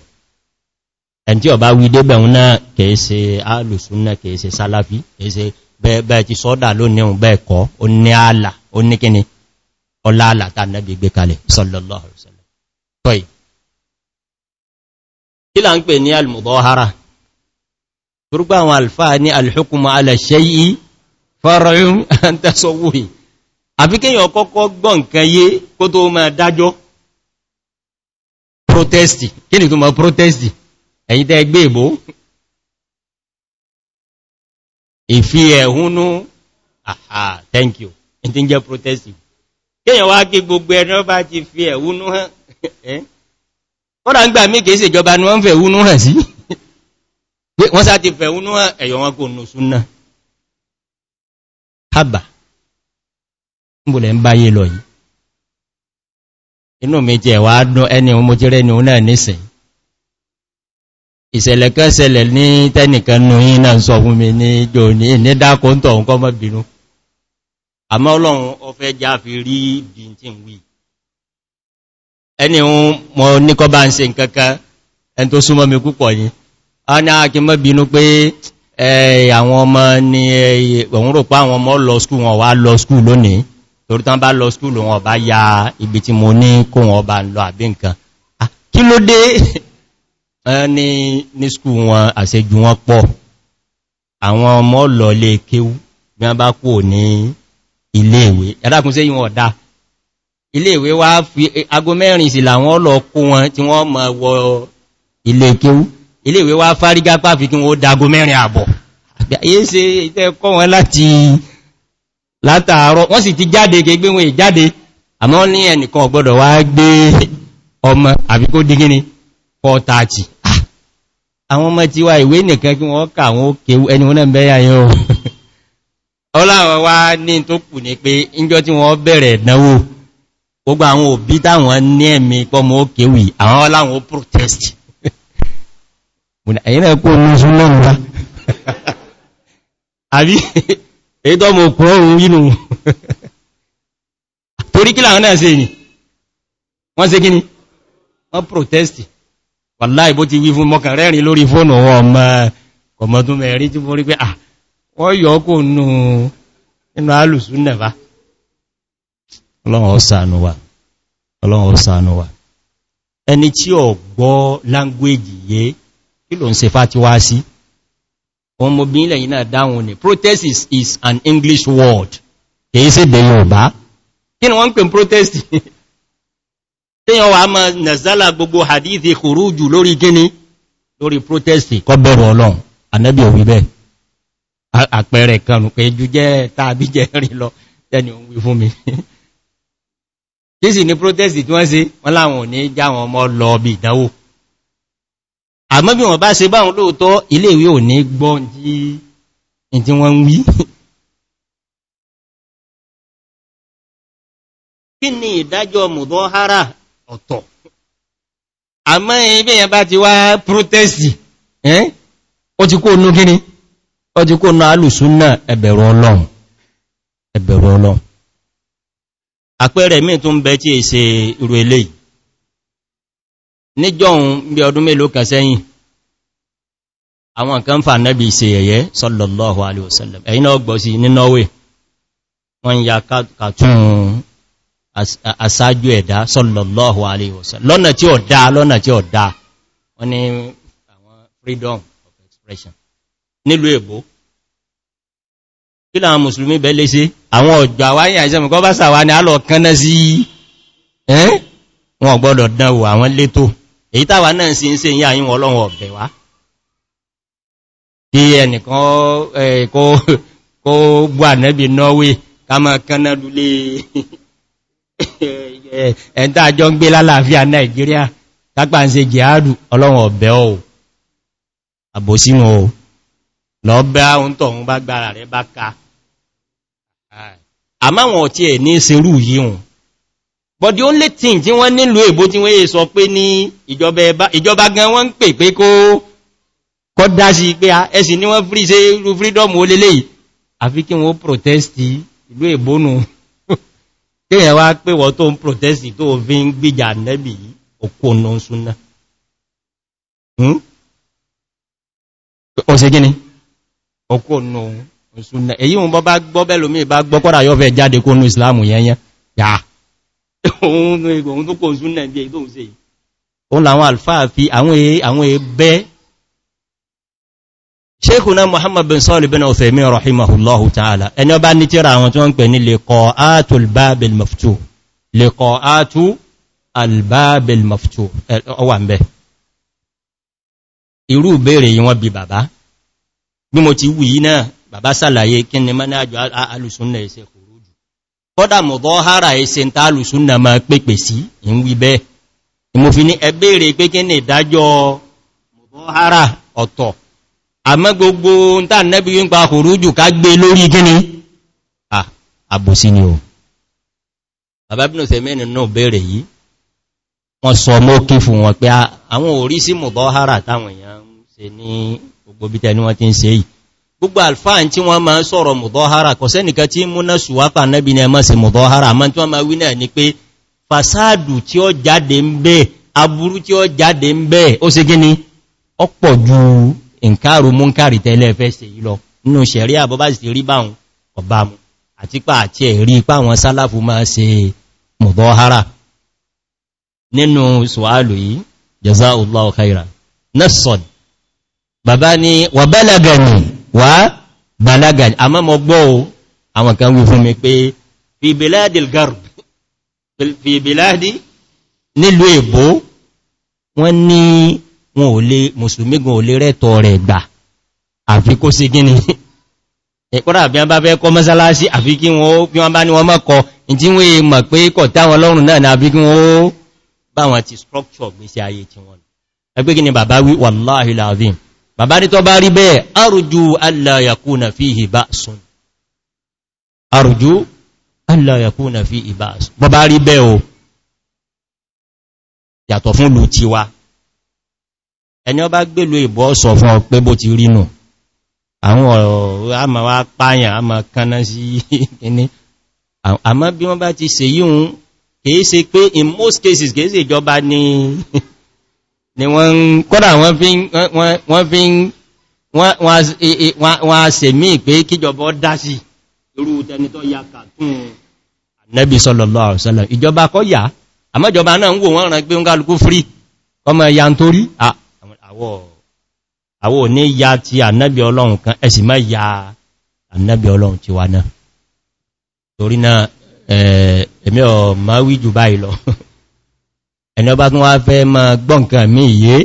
débẹ̀ bẹ́ẹ̀ ti sọ́dà lónìí òun bẹ́ẹ̀ kọ́ o ní ààlà o ní kíni ọlá ààlà tàà nẹ́bí gbé kalẹ̀ sallallahu alaihi wasallam tọ́yì kí là ń pè ní al-mudahara turgba àwọn alfáà ní al-hukmu ala protesti kí ni tó máa protesti ẹ̀yin tẹ́ gbé ìbò ìfi ẹ̀húnú àhà thank you ẹ̀tí jẹ́ protesting kíyàn wá kí gbogbo ẹ̀rọ bá ti fi ẹ̀húnú hàn wọ́n rà ń gbà mí kèése ìjọba ni wọ́n fẹ̀ ẹ̀húnú hàn sí wọ́n sá ti fẹ̀ ẹ̀húnú hàn ẹ̀yọ̀ wọn kò nù súnà haba mbùlẹ̀ ń báyé lọ yìí inú mi jẹ́ wàá dún ẹni ni òun náà ìṣẹ̀lẹ̀kẹ́ṣẹlẹ̀ ní tẹ́nìkan nù yí náà sọ fún mi ní jò ní ní dákò ń tọ̀ ń kọ́ mọ́ bínú àmọ́ ọlọ́run ọfẹ́ já fi rí bí n tí ń wí ẹni ohun mọ́ níkọ́ bá ń ṣe nkankan ẹn tó súnmọ́ mi púpọ̀ yìí ya ibi mo ní kó wọn bá lọ àbí ní ní skú wọn àṣejù wọn pọ̀ àwọn ọmọ lọ lè kéwú bí wọ́n bá kò ní iléèwé ẹ̀dàkùn sí ìwọ̀n ọ̀dá iléèwé wá fi ago mẹ́rin sí làwọn lọ kó wọn tí wọ́n mọ̀ wọ ilé kéwú iléèwé wá fárígá pàfi kí wọ́n dago mẹ́rin àbọ̀ àgbáyé se ìtẹ́ kọ́ wọn láti látàárọ̀ wọ́n sì ti jáde gẹgbé wọn ìjáde àmọ́ ní ẹnìkan ọ̀gbọ́dọ̀ wá gbé ọmọ àbíkó dígíní àwọn ọmọ ti wá ìwé nìkan kí wọ́n kà wọ́n kéwú ẹni wọ́n náà bẹ́yà yóò ọláwọ̀ wá ní tó kù ní pé ìjọ́ tí wọ́n bẹ̀rẹ̀ ìdánwò gbogbo àwọn òbí táwọn ní ẹ̀mí pọ́mọ ó kéwì àwọn ọláwọ̀ ó protest ẹ̀yìn náà kó ní ṣúlọ́ nǹkan àbí èyí tó mọ̀ pọ̀ òun yínú torí kí làwọn wọ́n ṣe wàláì bó ti wí fún mọ́kàn rẹ́rin lórí fóònù wọn ọmọ ọmọdún mẹ́rin tí fórí pé à ah, wọ́n yọ kò nù inú alùsù nẹ̀fà ọlọ́run ó ṣàánú ẹni tí ó gbọ́ lángwéjì yé kí ló ń ṣe fàtíwá sí wọn mo bí ilẹ̀ náà dáhùn protest is, is an English word kìí sí bẹ̀rẹ̀ ọ̀bá kí tíyàn wà mọ̀ nàzálà gbogbo hadithi kùrújù lórí gíní lórí protesti kọ bẹ̀rù ọlọ́run anẹ́bí òwí bẹ́ àpẹẹrẹ kanù pé jú jẹ́ tàbí jẹ́ rí lọ tẹ́ni òun wí fún mi kí ni protesti tí wọ́n ṣe wọ́n láwọn ò ní já wọn mọ́ lọ bí ìdánwò àmọ́ bí wọ́n bá ṣe báwọn lóòótọ́ iléèwé ò ní gbọ́n tí wọ́n ń wí kí ni ìdájọ́ mùdọ́hárà ọ̀tọ̀ àmọ́ ibi yẹn bá ti wá protesti ẹ́n ó ti kó nú gíní ó ti kó nú alùsúnnà ẹ̀bẹ̀rọ ọlọ́run ẹ̀bẹ̀rọ ọlọ́run àpẹẹrẹ mí tún bẹ tí irú ilé bí ọdún mélòó kan sẹ́yìn àwọn kan fà nẹ́bí ẹ̀yẹ ya asájú ẹ̀dá sallallahu alaihi wasallam lọ́nà tí ó dá lọ́nà tí ó dá wọ́n ní àwọn freedom of expression nílùú èbó kí láwọn mùsùlùmí bẹ̀lé sí àwọn ọ̀gbà wáyé àìsẹ́mù kọ́ bá sàwà ní alọ̀ kánná sí wọn gbọ́dọ̀ dánwò àwọn létò èyí táwà náà sí ń se ìyá yíwọ ọlọ́wọ̀ ọ̀bẹ̀ wá bí ẹnìkan kó gbà nẹ́bì Norway ká máa kánná lulé Eh, ẹ̀ntà àjọ ń gbé lálàáfíà Nàìjíríà tápà ń ṣe jihadu ọlọ́run ọ̀bẹ̀ ọ̀ àbòsí wọn ò lọ́bẹ̀ àwọn tọ̀hún bá gbára rẹ̀ bá ká àmáwọn ọ̀tí ẹ̀ ní ṣerú yíhun but the only thing tí wọ́n nílò èbó tí wọ́n yẹ sọ pé ní ìjọba gan wọ́n ń pè pé kó kọ́ dá sí pé ẹ̀sìn ni wọ́n free ṣe irú freedom ó lélẹ́yìí àfi kí wọ́n protesti ìlú èbónù kéèyàn wá pé wọ́n tó ń protesti tó fi ń gbìjà nẹ́bì òkú ọ̀nà súnná ọ̀sẹ̀ gíní òkú ọ̀nà súnná èyí wọn bọ́ bá gbọ́ bẹ́lómí bá gbọ́ kọ́dà yọ́ fẹ́ jáde kó nú islamu yẹnyẹn yà òun tó kò súnná bí i tó ń ṣe òun làwọn alfáà fi àwọn ṣékùná muhammad bin sọ́ọ̀lì bin ọ̀fẹ̀mí rahimahullahu ta'ala ẹni ọba ní tíra àwọn tí wọ́n ń pè ní lèkọ́ átù albabil maftu lèkọ́ átù albabil maftu ọwà ń bẹ́ irú bèèrè yí wọ́n bí bàbá bí mo ti wù yí náà bàbá sàlàyé kí ni mọ́ àmọ́ gbogbo ń tàà nẹ́bí ń pa kòrújù ká gbé lórí gíní ah, àbòsí ni o àbábínú sẹ̀mẹ́nì náà bẹ̀rẹ̀ yìí wọ́n sọ mọ́ kí fún wọn pé ah, àwọn orí sí mọ̀bọ́ hárà táwọn èèyàn ń se ní gbogbo bí tẹni wọ́n ti ń se yìí gbogbo ni ẹmọ́ sí mọ̀bọ́ hárà mọ́ tí wọ́n máa wí ju ìǹkàrù múnkàrì tẹ́lẹ̀ fẹ́ ṣe yìí lọ nínú ṣẹ̀rí àbọ́bá sì rí báhùn ọ̀bámu àti pà àti ẹ̀rí ipá àwọn sálàfù máa ṣe mudahara nínú sùwálù yìí jazaullahu khaira nasod bàbá ni wà bálagani wà bálagani a mọ́ mọ́ gbọ́ àwọn kan wí fún mi pé fi wọn ò lè mùsùlùmí gan ò lè rẹ́tọ̀ rẹ̀ gbà àfi kó sí gíní ẹ̀kọ́dà bí wọ́n bá fẹ́ kọ́ mọ́sálásí àfi kí wọ́n bí wọ́n bá ní wọ́n mọ́kọ̀ tí wọ́n mọ̀ pé kọ̀ táwọn lọ́rùn náà ní àfi wọ́n bá wọn ti structure yàtọ̀ fún lù tiwa ẹni ọba gbèlú ìbọ́ sọ fún ọ pé bó ti rí nù àwọn ọ̀rọ̀ a ma wá páyàn a ma kaná sí ẹni àmọ́ bí wọ́n bá ti ṣe yíhun kìí ṣe pé in most cases kìí ṣe ìjọba ni wọ́n kọ́dà wọ́n fi wọ́n a ṣe mí pé kíjọba dá sí irú tẹnitọ́ ya kàtún Ànábì sallallahu alaihi wasallam ìjọba kọ́ yà àmọ́jọba náà ń wò wọ́n rán pé ń kálukú free ọmọ ìyà àwọ̀ ní ya ti ànábì ọlọ́run kan ẹ̀sì má ya ànábì ọlọ́run ti wà náà torí náà ẹ̀mí ọ̀ má wí jù báyìí lọ ẹni ọba tún wá fẹ́ ma gbọ́nkan mí yé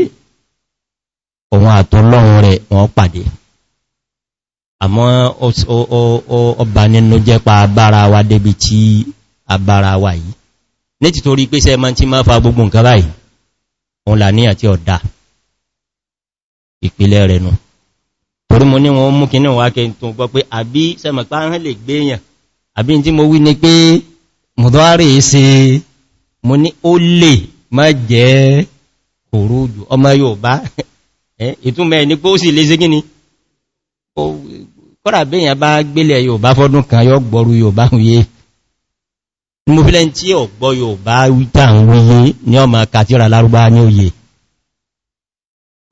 òun àtọ́lọ́run rẹ̀ wọ́n pàdé àmọ́ ọba nínú jẹ́ pa abára wa débi tí abára wa yìí ní títorí pé sẹ́mọ́ tí máa fa gbogbo nǹkan báyìí òun là ní àti ọ̀dá ìpìlẹ̀ rẹ̀ nù torí mo ní wọn mú kí náà wá kẹ́ tó gbọ́ pé àbí sẹ́mọ̀pá ń lè gbéyàn àbí tí mo wí ní pé mọ̀dọ́rì ṣe mo ní ó lè má jẹ́ kòrújù ọmọ Yorùbá ìtúnmẹ́ ní pé ó sì lè ṣe gíní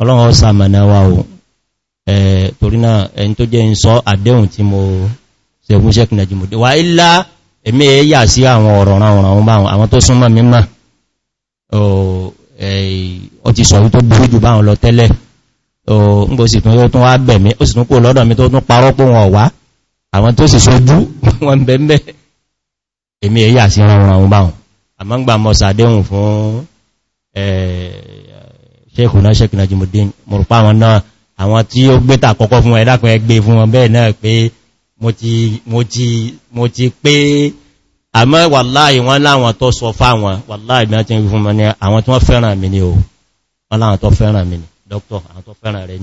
ọlọ́run ọsà mọ̀nà wa o torí náà ẹni tó jẹ́ ń sọ àdéhùn tí mo sẹ̀gún sẹ́kì nàìjíríà wà ilá èmé yà sí àwọn ọ̀rọ̀ ránwọ̀n àwọn tó súnmọ́ mímọ̀ ó ti sọ̀rọ̀ tó burú jù báwọn lọ tẹ́lẹ̀ ǹgbò sì tún tún wá bẹ̀mí ó sì tún kó lọ́dọ̀ mi tó tún parọ́ pé wọn wá àwọn tó ṣẹ́kùnà ṣẹ́kùnà jimodin mọ̀rùpá wọn náà àwọn tí ó gbé tàkọ́kọ́ fún ẹ̀dàkùn ẹgbẹ́ fún wọn bẹ́ẹ̀ náà pé mo ti pé àmọ́ wàláì wọ́n láwọn tó sọ fáwọn wàláì bí wọ́n ti ń fún wọn ní àwọn tó fẹ́ràn mi ni o wọ́n láwọn tó fẹ́ràn mi ni dókítọ̀ àwọn tó fẹ́ràn rẹ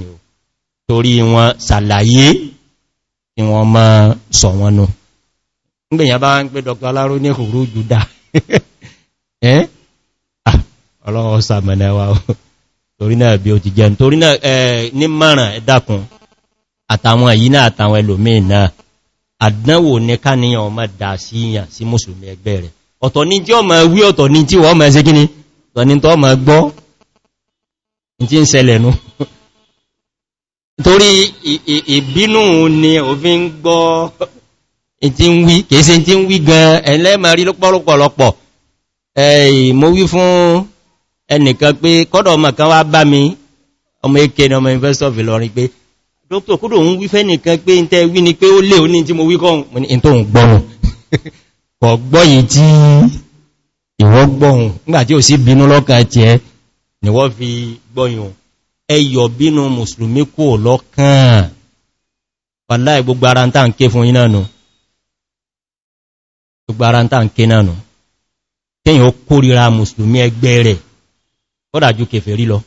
torí náà bí ó ti jẹ́ torí náà ní márùn ẹ̀dàkùn àtàwọn èyí náà àtàwọn ẹlòmíì náà àdánwò ní káníyàn ọmọ dà sí ìyàn sí mùsùlùmí ẹgbẹ́ rẹ̀ ọ̀tọ̀ ní tí ọmọ wí ọ̀tọ̀ ní tí wọ́n mọ̀ sí kíní ọ̀tọ̀ ní tọ́ mọ̀ gbọ́ tí ń ṣẹlẹ̀ nú torí ìbínú ni òfin ń gbọ́ tí ń wí kèése tí ń wí gan ẹlẹ́mọ̀ rí lọ́pọ̀lọpọ̀ ẹnìkan pé kọ́dọ̀ ọmọ kan wá bá mi ọmọ èké ní ọmọ University of Ìlọrin pé dókítà kúrò ń wífẹ́ nìkan pé ń tẹ́ wí ni pé ó lè ó tí mo wíkọ́ in ni wọ́n fi gbọ́yùn ẹyọ bínú mùsùlùmí kò lọ́kàn wàláì gbogbo ara ń tàn ké fún yín náà nù gbogbo ẹgbẹ́ rẹ̀ kọ́dà ju kèfèrí lọ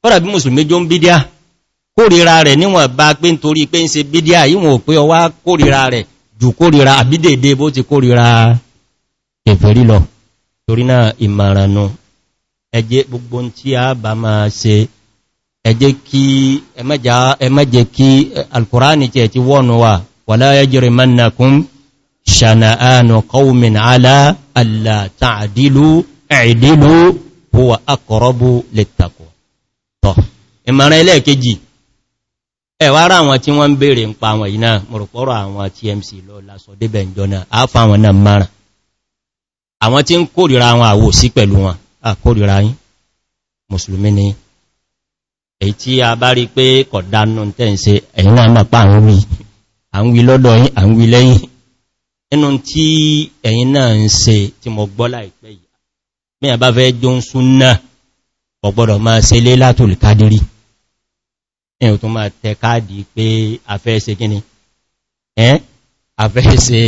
kọ́dà bí mùsùlùmí jọ ń bídíà kórìíra rẹ̀ níwọ̀n bá pé nítorí pé ń ṣe bídíà yíwọ̀n pé ọwá kórìíra rẹ̀ jù kórìíra àbídèdè bó ti kórìíra kèfèrí lọ torí náà ìmàrànù ẹjẹ́ gbogbo tí a bá máa ṣe ẹjẹ́ kí ẹmẹ́jẹ́ kí alkùránì tí ti wọ́nu wà wala yajrimannakum shana'anu qawmin ala alla ta'dilu i'dilu huwa akọ̀rọ̀bù lè takọ̀ tọ̀ ìmọ̀ràn ẹlẹ́ẹ̀kejì ẹ̀wà ara àwọn tí wọ́n ń bèèrè ń pa àwọn yìí náà mọ̀rọ̀pọ̀rọ̀ àwọn tmc lọ lásọ débẹ̀ ìjọ náà a fa àwọn náà mara àwọn tí ń kórìra àwọn àwò sí pẹ̀lú wọn a kórìra yín mùsùlùmí ni èyí tí a bá rí pé kọ̀dánù tẹ́ǹsẹ ẹ̀yìn náà mọ̀ pa àwọn wí àwọn lọ́dọ̀ yín àwọn lẹ́yìn inú tí ẹ̀yìn náà ń se tí mo gbọ́ láìpẹ́ yìí mẹ́yà bá fẹ́ jó ń súnnà ọ̀gbọ́dọ̀ máa ṣe lé látòlì kádírí ẹ̀yìn tó máa tẹ káàdì pé afẹ́ ṣe gíní ẹ́n afẹ́ ṣe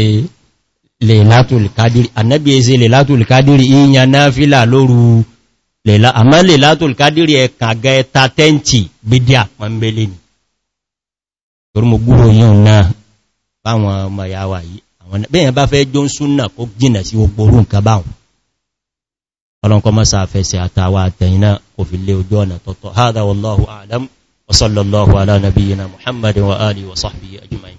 lè látòlì kádírí ànábí ẹsẹ lè látòlì kádírí ìyàn náà fílà lóru àmá lè látòlì kádírí ẹ̀kà gẹta tẹ́ǹtì gbídí àpọ̀mbélé ni torí bá fẹ́ jó ń súnnà kó jìnà sí gbogbo orú nǹkan báwọn ọlọ́nkọ́ mọ́sá àfẹ́sẹ̀ àtàwà àtẹ̀yìnà kò fi lé ojú ọ̀nà tọ́tọ̀ hádá wallahu a'lam wa sallallahu ala nabiyyina muhammadin wa wa sahbihi ajma'in